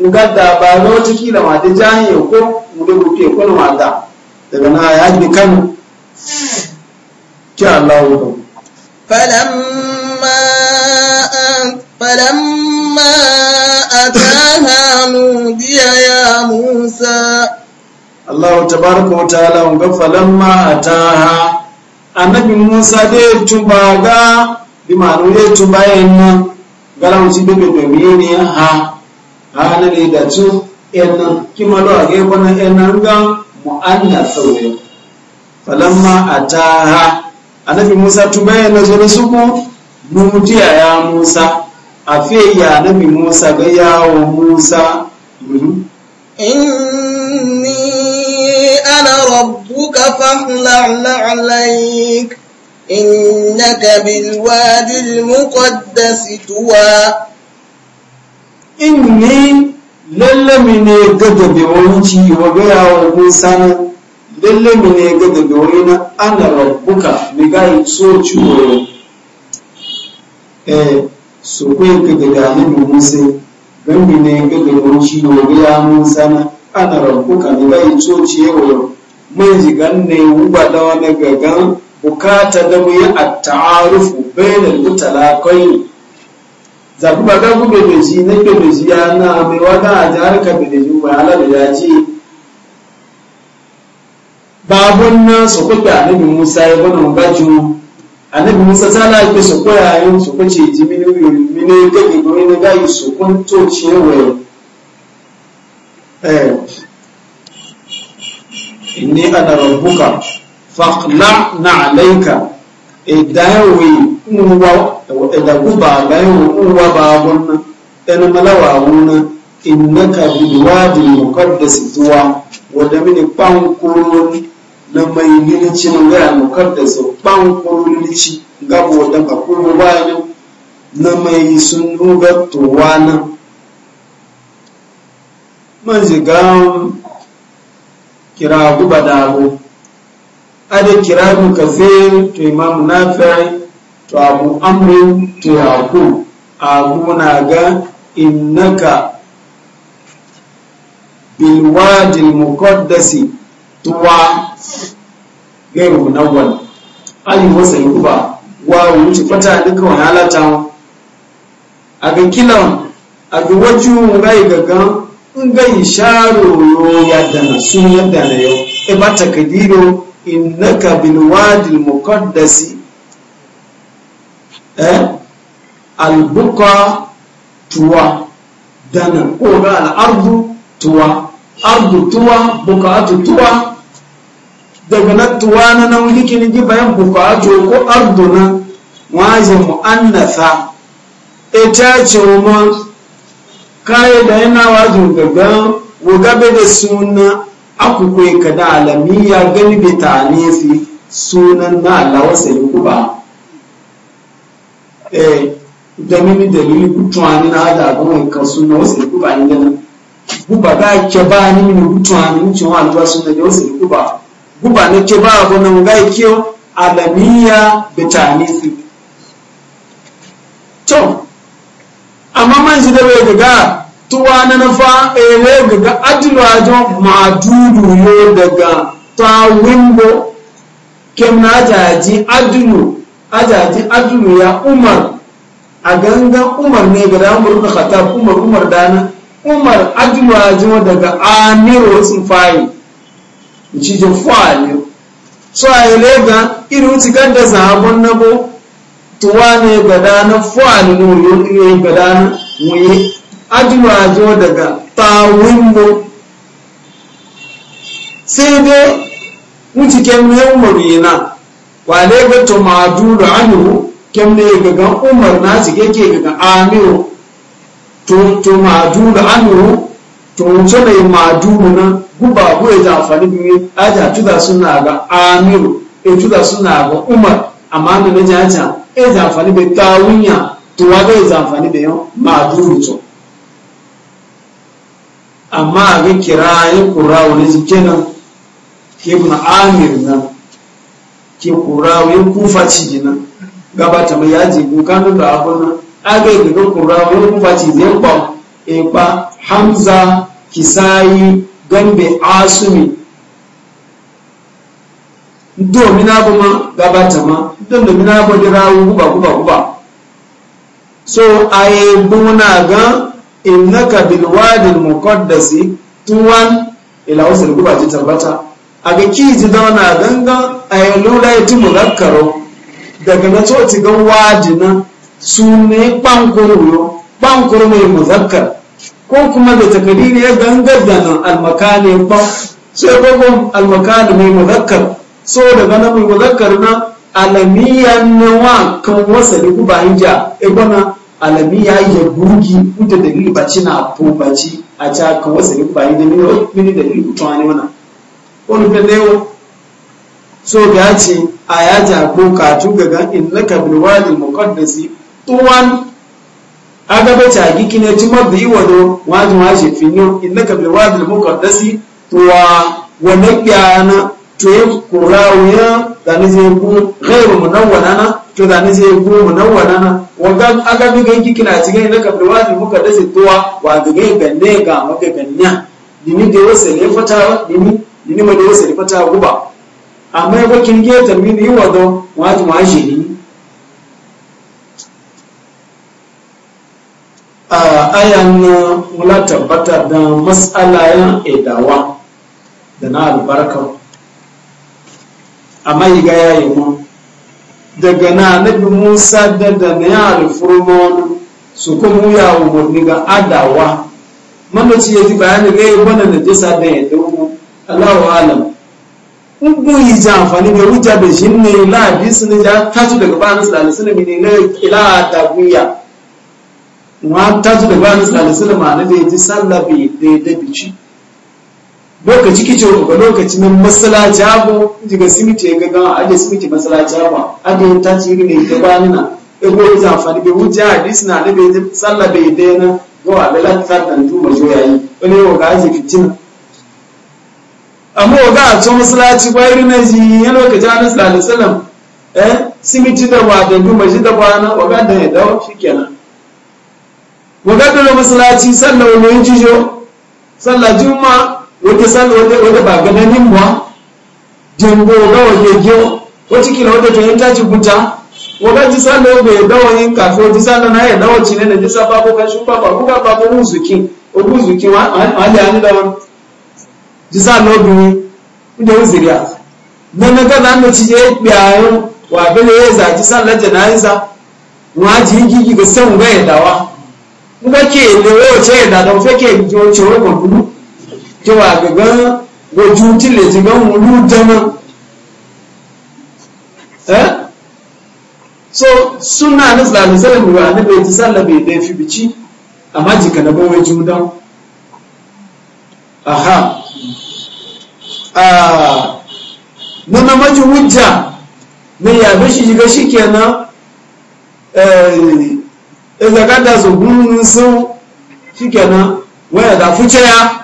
mu ga da ba na wata kila ma da jayar ko mu da ku ke kun ma da daga na ya ji kan ki Allah ko falamma
falamma ataha nudiya ya
Musa Allah tabaraka wa ta'ala ga falamma ataha annabi musa dai tuba ga bi ma'anu dai tuba yin nan gara mu ci bebe bebe ne ha ha na ne da tu yan kima lo a gefe na yan nan ga mu'annas sauye falamma ataha annabi musa tuba yin nan zo na suku mumutiya ya musa a fe ya annabi musa ga yawo musa hmm.
inni أنا ربك فاخلع عليك إنك بالواد المقدس
إني lallami ne gada da wani ci wa gaya wa mun sana lallami ne gada da wani na ana rabbuka mi gai so ciwo eh so kai gada da ni mun gami ne gada da wani ci wa gaya mun sana ana rabbuka ni bai coci yau yau mai zigan ne wuba da wani gagan bukata da mu yi at-ta'arufu bainal mutalaqain zafi ba ga gube da ji na ke da ji na mai wata a jihar ka da ji ba ala da ya ce babun nan su kuka annabi Musa ya bana gaju annabi Musa ta na ke su koya su kuce jimini mini mini ga na ne su kun to Eh. inni ana rabbuka faqla na alaika idawe uwa idaguba yi uwa babun nan ɗan malawa wuna innaka bilwadi muqaddas tuwa wanda mini pankurun na mai nilici na gaya muqaddas pankurun nilici gabo da bakuru bayan na mai ga tuwa na. man zigan kira guba da abu ade kira mu kafir to imam nafi to abu amru to abu abu na ga innaka bil wadi al muqaddasi tuwa gairu munawwal ali wasa guba wa wuce fata duka wani halata a ga kilan a ga wajen gai gagan in gan sharo yo yadda na sun yadda na yau e ba ta kadiro innaka bil wadi al muqaddas eh al buqa tuwa dana ko ga al ardu tuwa ardu tuwa buqatu tuwa daga na tuwa na nan likin ji bayan buqatu ko ardu na wajen muannatha ita e ce mu kai da yana wazo gagan wagabe da suna akwai kada alamiya gani bi tanifi sunan na Allah wasa yi ba. eh da mini dalili kutuwani na da abin ka suna wasa yi ba ni ganin guba ga ke ba ni mini kutuwani wucin wa aluwa suna da wasa yi kuba guba na ke ba abu nan ga kiyo alamiya bi tanifi to amma man shi da bai gaga tuwa na nafa ewe eh, gaga adirajo madudu yo daga ta wimbo kem na ajaji adulu ajaji adulu ya umar a gangan umar ne ga damar da khatab umar umar dana umar adirajo daga amiru sun fayi cijin fuwa ne so a yi lega irin cikin da sahabon nabo tuwa ne gadana fuwani gada na gadana muyi ajiwajo daga tawinmu sai dai wuciken yan marina wale ga tumadu da amiru kem ne gaga umar na su yake gaga amiru to tumadu da amiru to wuce mai madu na guba guwa ta amfani biyu aja tuda suna ga amiru e tuda suna ga umar amma na jaja e zamfani bai tawunya to wa zai zamfani da amma a ga kira ya kura wani jike nan ke na amir nan ke kura wani kufa ciji nan gabata mai yaji da nan a ga yi ga kura wani kufa hamza kisayi gambe asumi domin abu ma gabata ma don domin abu da rawu guba guba guba so a yi buna ga innaka bilwadin mukaddasi tuwan ila guba ji tabbata a ga ki ji dauna ganga a yi lura ya ci muzakkaro daga na coci ga wajina su ne bankuru bankuru mai muzakkar ko kuma da takadini ya gangar da nan almakani ba sai ko almakani mai muzakkar so daga na mai muzakkar na alamiyan na wa kan wasa da guba ya ebona alamiya ya burgi kuta dalili baci na pobaci a ca kan wasa da guba hijja ne wai mini dalili kutuwa wani mana wani yau so ya ce a ya jago katu gaga in laka da muqaddasi tuwan a gaba ta giki ne ci mabda yi wado wajen waje finyo in laka da muqaddasi tuwa wani nabiya na to yi kurawuya da ni zai ku ghairu munawwana na to da ni zai ku munawwana na wanda aka bi ganki kina cikin na kabri wa mu ka dace towa wa ga gai ganne ga maka gannya dini da wasu ne fata dini dini ma da wasu ne fata guba amma ya bakin ge ta mini wa do wa ji ma shi ni a ayan mula tabbata da mas'ala edawa da na albarkar amma yi ga yayi mu daga na nabi musa da da na ya alfurmon su kuma ya umarni ga adawa mana ci yaji bayani ga yi wannan da jisa da ya dawo Allahu alam in bu yi ji amfani da hujja da shi ne la hadisi ne ya tashi daga bayan sallallahu alaihi wasallam ne na ila tabuya ma tashi daga bayan sallallahu alaihi wasallam ne da ji sallabi da da bici lokaci kice ga lokaci nan masalaci abu diga simiti ga ga aje simiti masalaci abu aje ta ci ne ga banina e go za fani be wuja hadis na da be sallah be de na go abela ta dan tu majo yayi wani o ga ji fitina amma o ga to masalaci ba irin na ji ya lokaci annabi sallallahu alaihi wasallam eh simiti da wa da duma ji da bana o ga da ya dawo shikenan wa ga da masalaci sallah wani jijo sallah juma'a wata salo wata wata ba gananin jango jengo gawa jiyo wata kila wata ta yanta ci buta wata ji salo be dawa yin kafi wata salo na ya dawa cine da jisa babu kan ka ba babu ba babu ruzuki o ruzuki wa an ali ani dawa ji salo bi da uzuriya ziriya na ga nan ci je biyayen wa bele ya za ji zaji sallar janaiza wa ji gigi ga san ga ya dawa muka ke lewo ce da don fake ji wace wa kíwà wà ojú tí lè ti gbọ́n so suna anisla alisala mu wa anabe ti sala bai dai fi bici amma jika na bawai judan aha ah nuna maji hujja ne ya bishi shiga shi eh, eh, waya da ya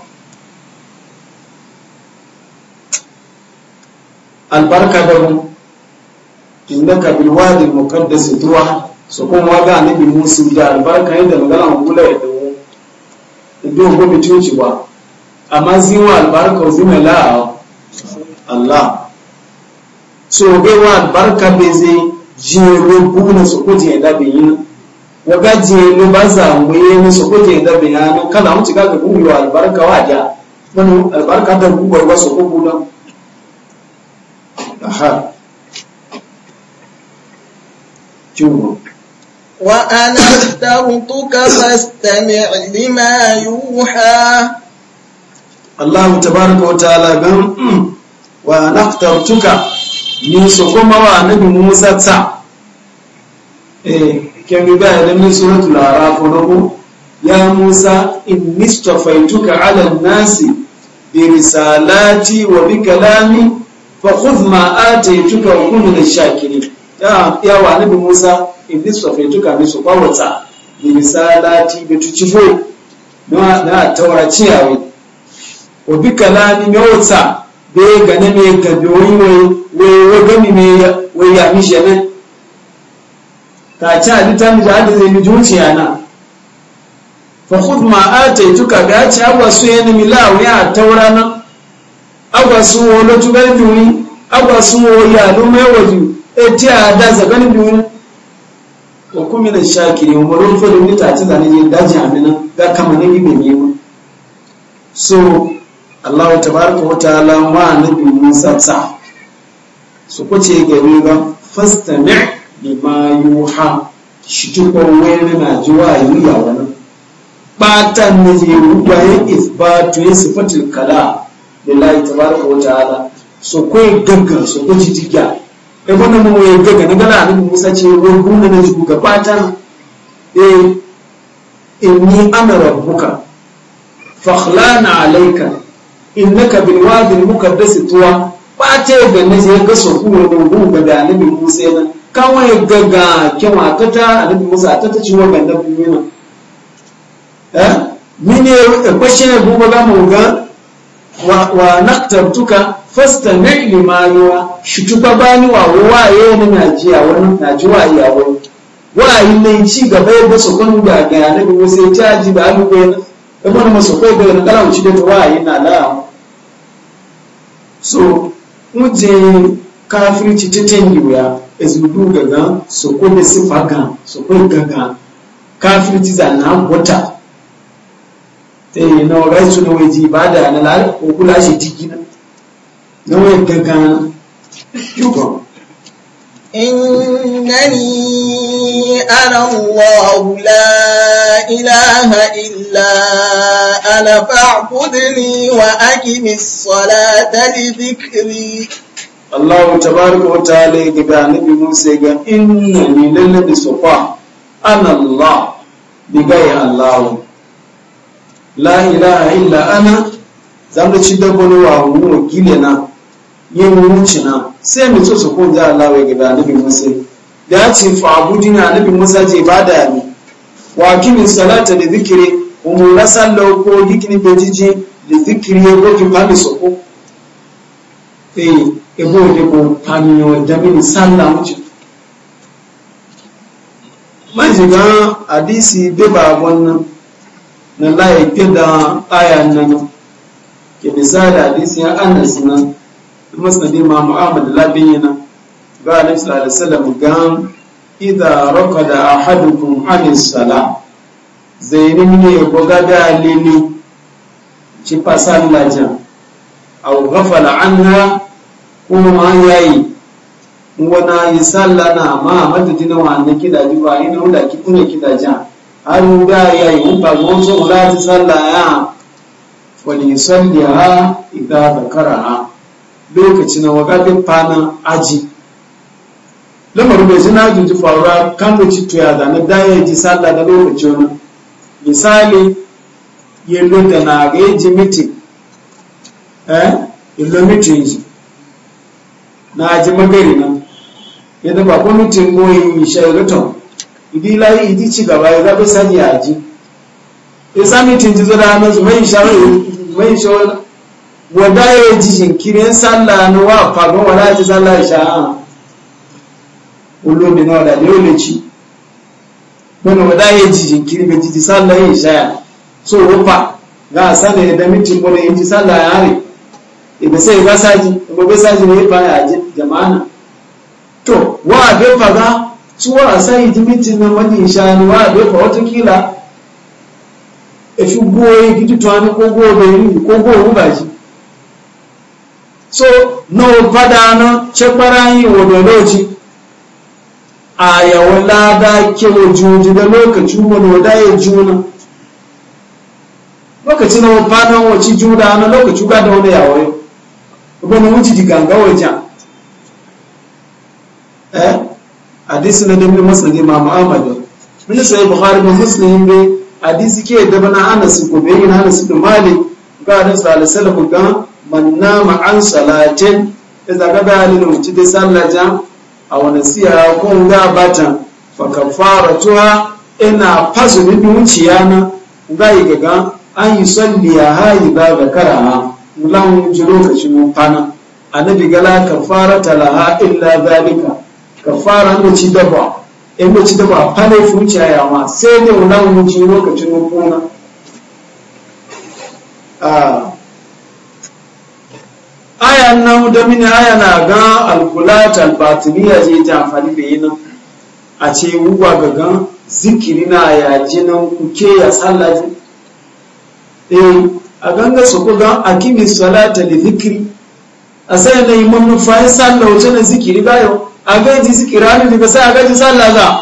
albarka da mu innaka bil wadi al muqaddas tuwa so ko wa ga bi musu da albarka yadda magana mu kula da mu idan ko mutunci ba amma ziwa albarka zuma la Allah so bai wa albarka bai zai jere buna ko kuje da bayin waga jere ba za mu yi ni so ko kuje da bayin kana mu ci ga ku albarka wa ja wani albarka da ku ba su ko buna dahar
wa ana tawtuka fastami' lima yuha
Allahu tabaaraka wa ta'ala gam wa ana tawtuka ni so wa nabi Musa ta eh kan bi bayan ni ya Musa inni istafaytuka 'ala an-nasi bi risalati wa bi فخذ ما آتيتك وكن من الشاكرين يا يا والد موسى إبليس صفيتك من سقوطا بمثالاتي بتشفو na na tauraciya wai obi kalami mewata be gane me gabe wai wai wai gami me wai ya mi shebe ta ci a ta mi jihadi zai mi zuciya fa ataituka yana ya agwasun wo lójú bẹ́ẹ̀ bí wọn agwasun wo yà ló mẹ́wọ̀ jù etí àdáza bẹ́ẹ̀ bí wọn. òkú mi lè ṣàkiri wọn ló ń fẹ́ lórí níta àti ìlànà kama ní gbígbẹ̀ yẹn wọn. so allahu tabaraka wa ta'ala wa anabi musa ta so ko ce gari ba fastami bima yuha shitukon wani na ji wa yi yawa nan batan na je ruwa ya isbatu ya sifatul kala lillahi tabaraka wa ta'ala so koyi gaggan so ko jijiga e nan mu ya gaggan na gana ni Musa ce wai kuma na ji ga fatan eh inni ana rabbuka fakhlana alayka innaka bil wadi al muqaddas tuwa fate ga ne je ga so ku da mu ga annabi Musa na kawai gaga kewa kata annabi Musa ta ta ci wa gandan mu eh mine eh, question buba ga mu ga wa naktartuka fastami lima yuwa shutuka bani wa waye ne na wani na ji waye a wayi ne ci gaba ya basu kun ga ga ne ko sai ta ji da alu ko kuma na masu kai da na kala uci da waye na la so muje kafirci titin yuya ezudu ga so ko da sifa ga so ko gaga kafirci za na wata te eh, yi na ọ̀rẹ́ suna wai ji ba da na òkú láṣẹ ti gina na wai gangan yúgọ̀
innani ana allahu la ilaha illa ana fa'budni wa aqimi ssalata li dhikri
Allahu tabaraka wa ta'ala ga annabi Musa ga innani lallabi sufa ana Allah diga ya Allah la ilaha illa ana zamu ci dabbano wa mu gile na mu wuce na sai mu so su ko da Allah wa gida annabi Musa da ci fa abudina annabi Musa je ibada ne wa kimin salata da zikiri mu na sallo ko da jiji da zikiri ko ki pami soko eh e bo de ko tanyo o da mi salla muci maji ga hadisi be ba wannan na layi ke da aya nan ke misali hadisi ya anas nan masnadi ma muhammad labin yana ga alaihi sallallahu alaihi wasallam gan idza raqada ahadukum an sala zaini ne ya ga da lini ci pasan lajan aw ghafala anha kuma yayi wana yi sallah na ma mata jina wa ne kidaji ba ina wanda ki kuna kidajan an ga ya yi ba zo so wala ta sallah ya wani salli ha idan da kara ha lokaci na waga bin fana aji lamarin bai zina juji faruwa kan da ci tuya da na daya ji sallah da lokaci wani misali yallo da na ga yi ji mitin eh yallo mitin ji na ji magari na yadda ba ko mitin goyi tawo. ibi layi idi ci gaba ya zaɓi sani a ji ya sami tinji da na su mai shawar wanda ya ji jinkirin sallah na wa fagon wala ji sallah ya sha'a olóòdì náà dàbí ó lè ci nínú wanda ya ji jinkirin bai ji sallah ya sha'a so rufa ga sallah ya dami cin bane ya ji sallah ya hari ibi sai ba saji ibi bai saji ne ya fara a jama'a to wa abin faga suwa sai dimitin na wani shani wa da ka kila e fi goyi gidi tuwani ko gobe yi ko gobe ba ji so na fada na cekwara yi wa doloji a yawon lada kewa juji da lokaci wani wada ya juna lokaci na fada wace juna na lokaci ga da wani yawon yi wani wuce jiganga wajen eh hadisi na dabni muslim imam ahmad wani sai buhari ba musulun bai hadisi ke da bana su ko bai yin su da mali ga da sallallahu ga man nama salatin idza ga da halin wuce da sallaja a wani siya ko ga bata fara tuwa ina fasu bi wuciya na ga yi gaga an yi salliya hayi ba zakara mulan ji lokacin fana annabi gala kafarata laha illa zalika ka fara mace daba in mace daba fane fuciya ya ma sai da wannan mace lokacin nufuna ah. aya na da mini aya na ga alkulat albatiniya je ta amfani da yinan a ce wuwa ga gan zikiri na ya ji nan kuke ya tsallaji eh a ganga su ku gan akimi salata da zikiri a sai na yi manufa ya tsalla na zikiri bayan a gaji su ne, daga sai a gaji sallah za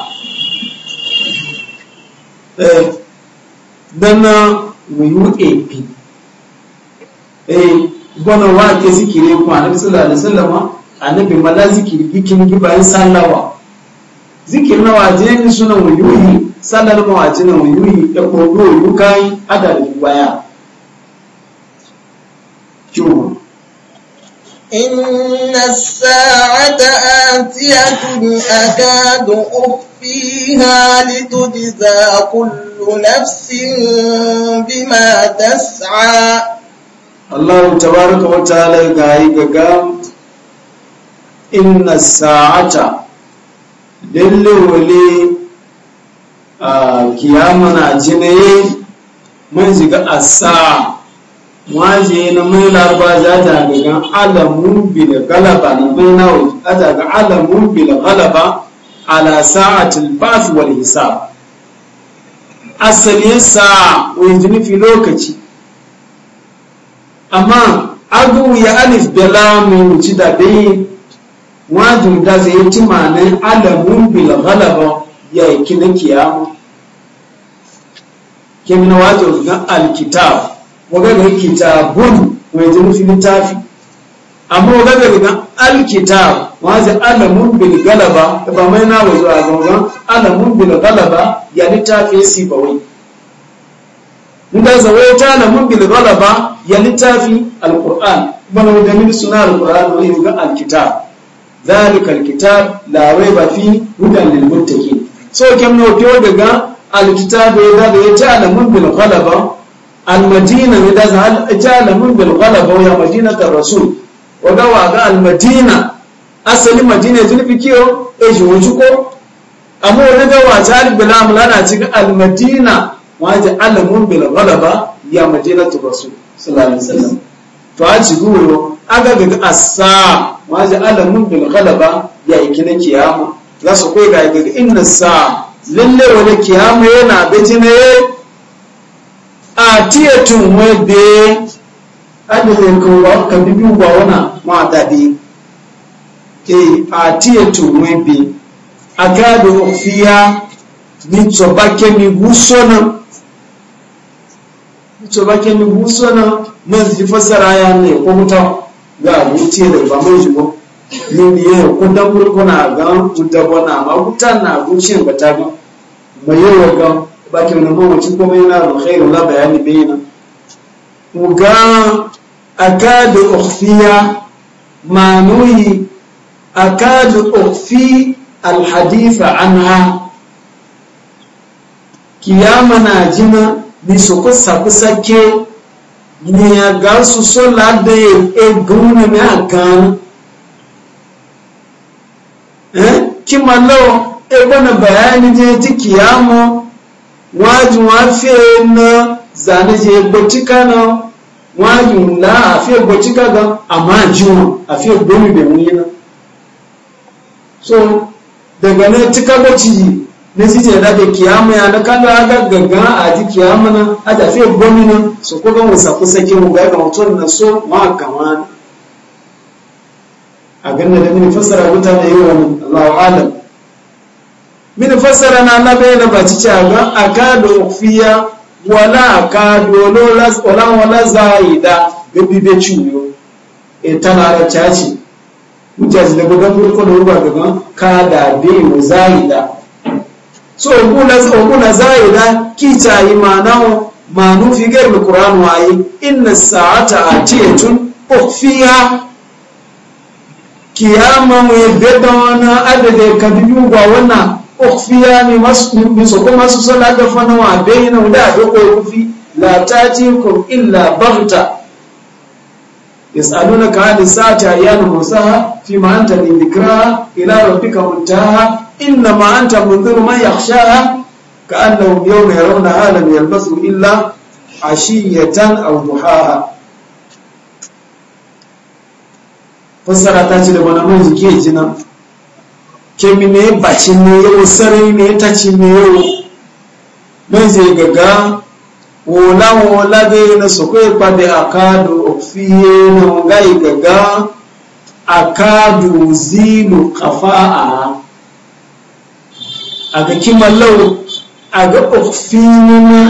eh, don na wuyu epi eh, gbọ́nà wá ké zikiri kun anabi sallallahu alaihi wasallam anabi mala zikiri giba gibayin sallawa zikirin na waje ni suna yi sallar ma waje na yi ya kogo yukayi adar waya
kiwo إن الساعة آتية أكاد أخفيها لتجزى كل نفس بما
تسعى الله تبارك وتعالى قال إن الساعة للولي آه كيامنا جنيه mun shiga asa waje na mai larba za ta ga alamun bil galaba na mai wuce za ta ga alamun bil galaba ala sa'atil ba'th wal hisab asalin sa wani nufi lokaci amma agu ya alif da lamun ci da bai wajen da zai yi ma'anin alamun bil galaba ya yi kina kiyama kemina wajen ga alkitab wagaga kitabun mai ji nufi littafi amma wagaga daga alkitab ma zai alamun bil galaba da ba mai nawa zuwa zama alamun bil galaba ya littafi si ba wai inda zawai ta alamun bil galaba ya littafi alquran bana wajen suna da wani ga alkitab zari alkitab la ba fi hudan lil so kyan kyo daga alkitab ya da ya ta alamun bil galaba almadina ne da za a jalamin bilghalaba ya madinatar rasul waga waga almadina asali madina jini fikiyo e shi wuci ko amma wani gawa ta albina mulana cikin almadina waje alamun bilghalaba ya madinatar rasul sallallahu alaihi wasallam to a ci guro alamun bilghalaba ya ikinin kiyama za su koyi ga ga inna sa lalle wani kiyama yana bijine tun wede be ko wa ka bibi wa wana ma dabi ke atiyatun webe agado fiya ni tsoba ke mi gusona tsoba ke mi gusona ma ji fasara ya ne ko muta ga wuce da ba mun shigo ni ne ko dan gurguna ga mutaba na ma kutana na gucin ba ta ba mai yawa ga baki mun mamaci kuma yana da khairu la bayani bayina muga akadu ukhfiya manuhi akadu ukhfi alhaditha anha kiyama na jina ni soko sakusake ni ya gasu so lade egun ni me akan eh kimalo egbona bayani je ti kiyama waju wafe na zane je gbotika na waju la afe gbotika ga amma jiwo afe gbomi bai wuyi na so daga na tika gboci na jije da ke kiyama ya na kada aga gaga a ji kiyama na a da fe gbomi na so ko wasa kusa ke mu ga ga mutum na so ma kama a ganin da mini fassara mutane yawan Allahu alam mini fassara na na bai na baci caga a kado fiya wala a kado wala wala zaida ga bibe ciwo e tana da caci mutaci da gudan burko da ruba gaban kada biyu zaida so oguna zaida kita yi manawo manu fi garbi ƙuran waye inna sa'ata a tiyatun ofiya kiyama mai beda wani adada ka biyu ga wannan ukhfiya mi masu kuma so ko masu sala da fana wa bayna da da ko kufi la tatikum illa baghta yas'alunaka an sa'ati ayyana musaha fi ma anta min dhikraha ila rabbika muntaha inna ma anta mundhiru man yakhshaha ka'annahum yawma yarawnaha lam yalbasu illa ashiyatan aw duhaha fassara ta ce da wani mun jike jinan kemi ne baci ne yau sarai ne taci ne yau mai zai gaga wola wola be na sokoy a akadu fiye na ngai gaga akadu zilu qafa'a a kimallau aga ukfinina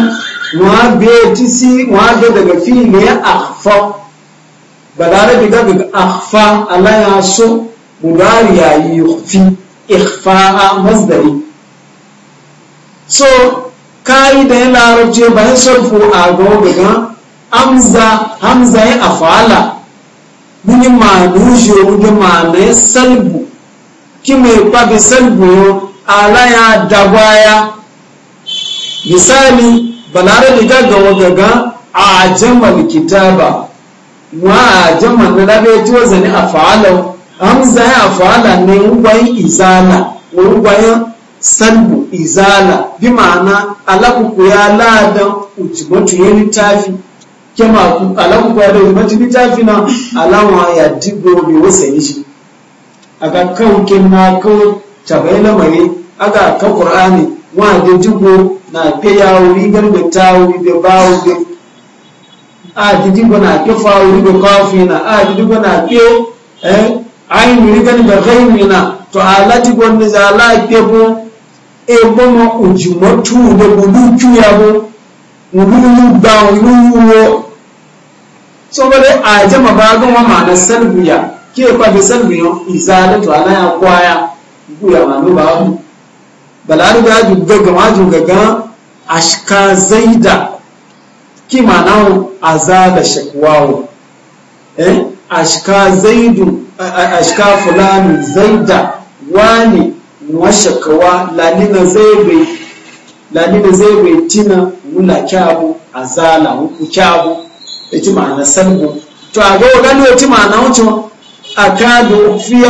wa be tisi wa be daga fi ne akfa ba akhfa balare bi daga akfa ala ya so mudari ya yi fi ikhfa'a masdari so ka'idan ya bayan sarfu a gogaga amza hamza ya afala muni ma muni mane salbu kime kwabi salbu ala ya dagwaya misali balarabi gaggawa gaga a jamal kitaba wa a jamal na labe ji wazani afalau hamza ya fa'ala ne ngwai izala wa ngwayin salbu izala bi ma'ana alakuku ya ladan ujimatu ya littafi kema alakuku ya da ujimatu littafi na alawa ya digo bi wasa yi shi aga kan kinna ko tabai lamari aga ka qur'ani wa da digo na pe ya wuri garbe ta wuri da ba wuri a digo na pe fa wuri da kafi na a digo na pe eh ai miri gani da ghaimina to alati gonne za la kebo e bomo uji motu de budu kuyabo ngulu ba ngulu wo so bare a jama ba ga ma wa mana salbuya ke kwa bi salbuyo izale to ana ya kwaya ya ma no ba mu balaru da ju gaga ma ju gaga ashka zaida ki ma nawo azala shakwawo eh ashka zaidu ashka fulani zaida wani washakawa lanina zaibe lanina zaibe tina wula kyabu azala wuku kyabu ita ma'ana salbo to a gani wata ma'ana wuce a kadu fiye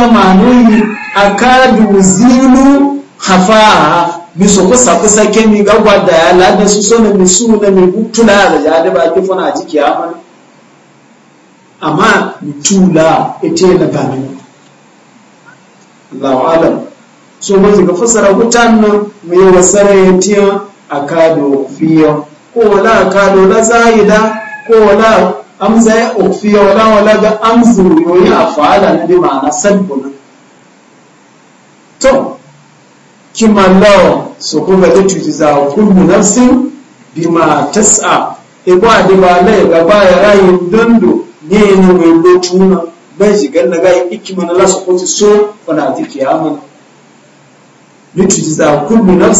zilu hafaha miso kusa kusa kemi gagwa da ya lada su so na misu na mai gutula da ya da ba kifuna a jiki amana amma tula ita yana gani Allahu alam so mun ka fasara hutan nan mu yi tiya a kado fiya ko wala a kado na zahida ko wala amza ya ofiya wala wala ga amzu yoyi afala na bi ma'ana sabuna to ma lawa so kuma da cuci za a kullu nafsin bima tas'a e ba da ba lai gaba ya rayu dundu ne na mai lotuna mai jigar na gaya ikima na lasa kotu so fana ta kiyama yutujiza kullu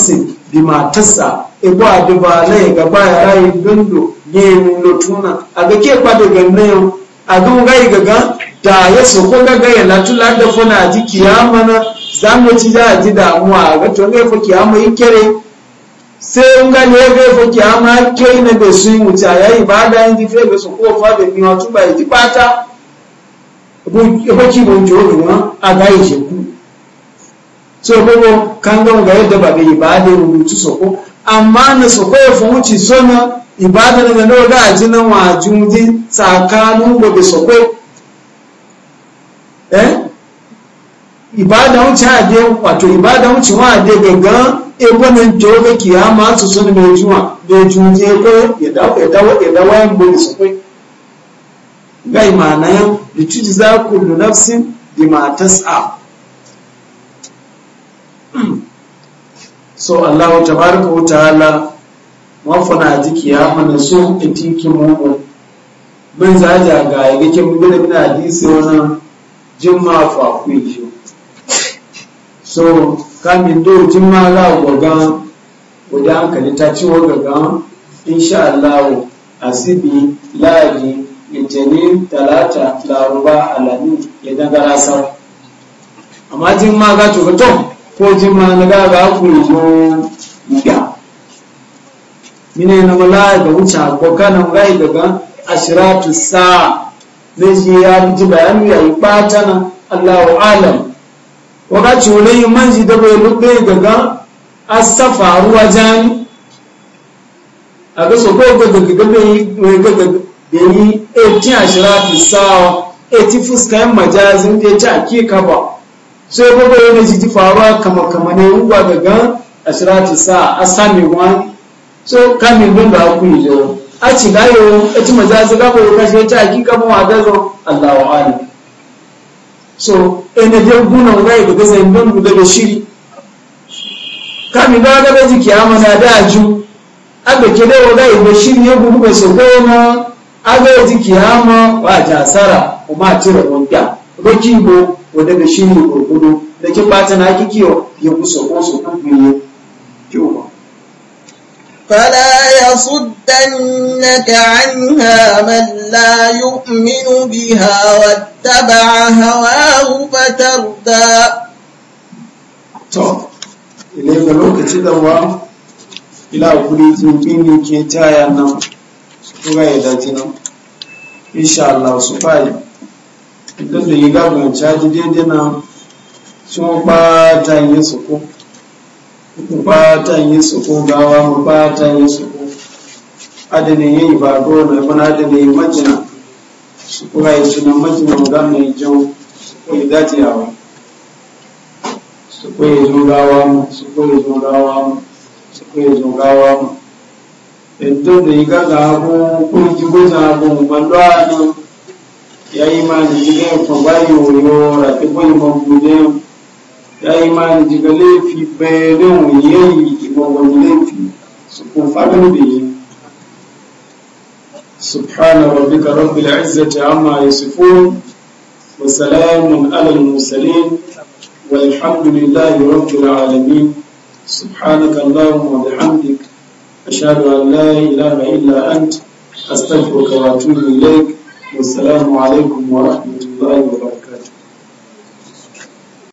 bi ma tasa ebo adiba na ya gaba ya rayu dondo ne mu lotuna a ga ke kwado ganna yau a ga gai gaga da ya soko gaga ya latula da fana ta kiyama na zamu ci za a da mu a ga to ne fa kiyama yi kere sai nga lebe fo ki ama ke na be su mu ta yayi ba da yin fe be su ko fa be mi wa tuba yi pata bo bo ki bo jo du na aga yi so bo bo kan ga ga yadda ba be ibade mu tu so ko amma na so ko fo mu ci ibada na no ga ji na wa jumdi tsakanu bo be so ko eh ibada mu ci ade wato ibada mu ci wa ade gangan ebonin joga kiyama su sun mai juwa mai juje ko ya dawo ya dawo ya dawo yan gobe su kai gai ma na yau da cuci za ku lunafsin da matas sa so allahu tabaraka wa ta'ala mafana ji kiyama na so a e itiki mugu bin zaja ga yake kin bin bin hadisi wannan jimma fa ku so kamin dojin ma za a gwaga wadda hankali ta ciwo gaga insha Allah asibi Lahadi, litinin talata laruba alamin ya dangara sau amma jin ma ga cuta ko jin ma na gaba ku zo ga mine na mala da wuce ko kana rai daga ashiratu sa ne ji ya ji bayani ya yi batana Allahu alam wakati wani manji da bai lube gaga asa faruwa jani a ga so kawai gaga gaga mai gaga da ni eti a shira fi sawa eti fuska yin majazin da ya ci e akika ba so ya gaba yana jiji faruwa kama kama ne ruwa gaga a shira fi sa a sami wani so kamin bin da haku yi jawo a ci gayo eti majazin gaba ya e kashe ya ci akika ba wa gazo allawa alim so ene dai rai da zai nan da shiri kami ba ga da jiki amma na da ju aga kede wa rai da shiri ya gudu ba so gona aga jiki amma wa ta sara kuma tira wanda roki bo wanda da shiri gurgudu da ba bata na kikiyo ya kusa ko so kun kiwo فلا
يصدنك عنها من لا يؤمن بها واتبع هواه فتردى
ne ga lokaci da wa ila kuri tuntun ne ke taya nan kuma ya dace nan insha su fayi idan da yi caji daidai mu fatan yi suko gawa mu fatan yi suko adini yi ba gona bana adini yi majina su kuma yi sunan majina mu ga mai jau su ko yi dajiyawa su ko yi zo gawa mu su ko yi zo gawa mu su ko yi zo gawa mu idan da yi gaga abu ko ji goza abu mu ballo anu ya yi ma da jiga ya fa bayo yo rafi ko yi mabude daiman daga laifi bayanin wuyayi wani laifi su kofar da سبحان ربك رب العزة عما يصفون وسلام على المرسلين والحمد لله رب العالمين سبحانك اللهم وبحمدك أشهد أن لا إله إلا أنت أستغفرك وأتوب إليك والسلام عليكم ورحمة الله وبركاته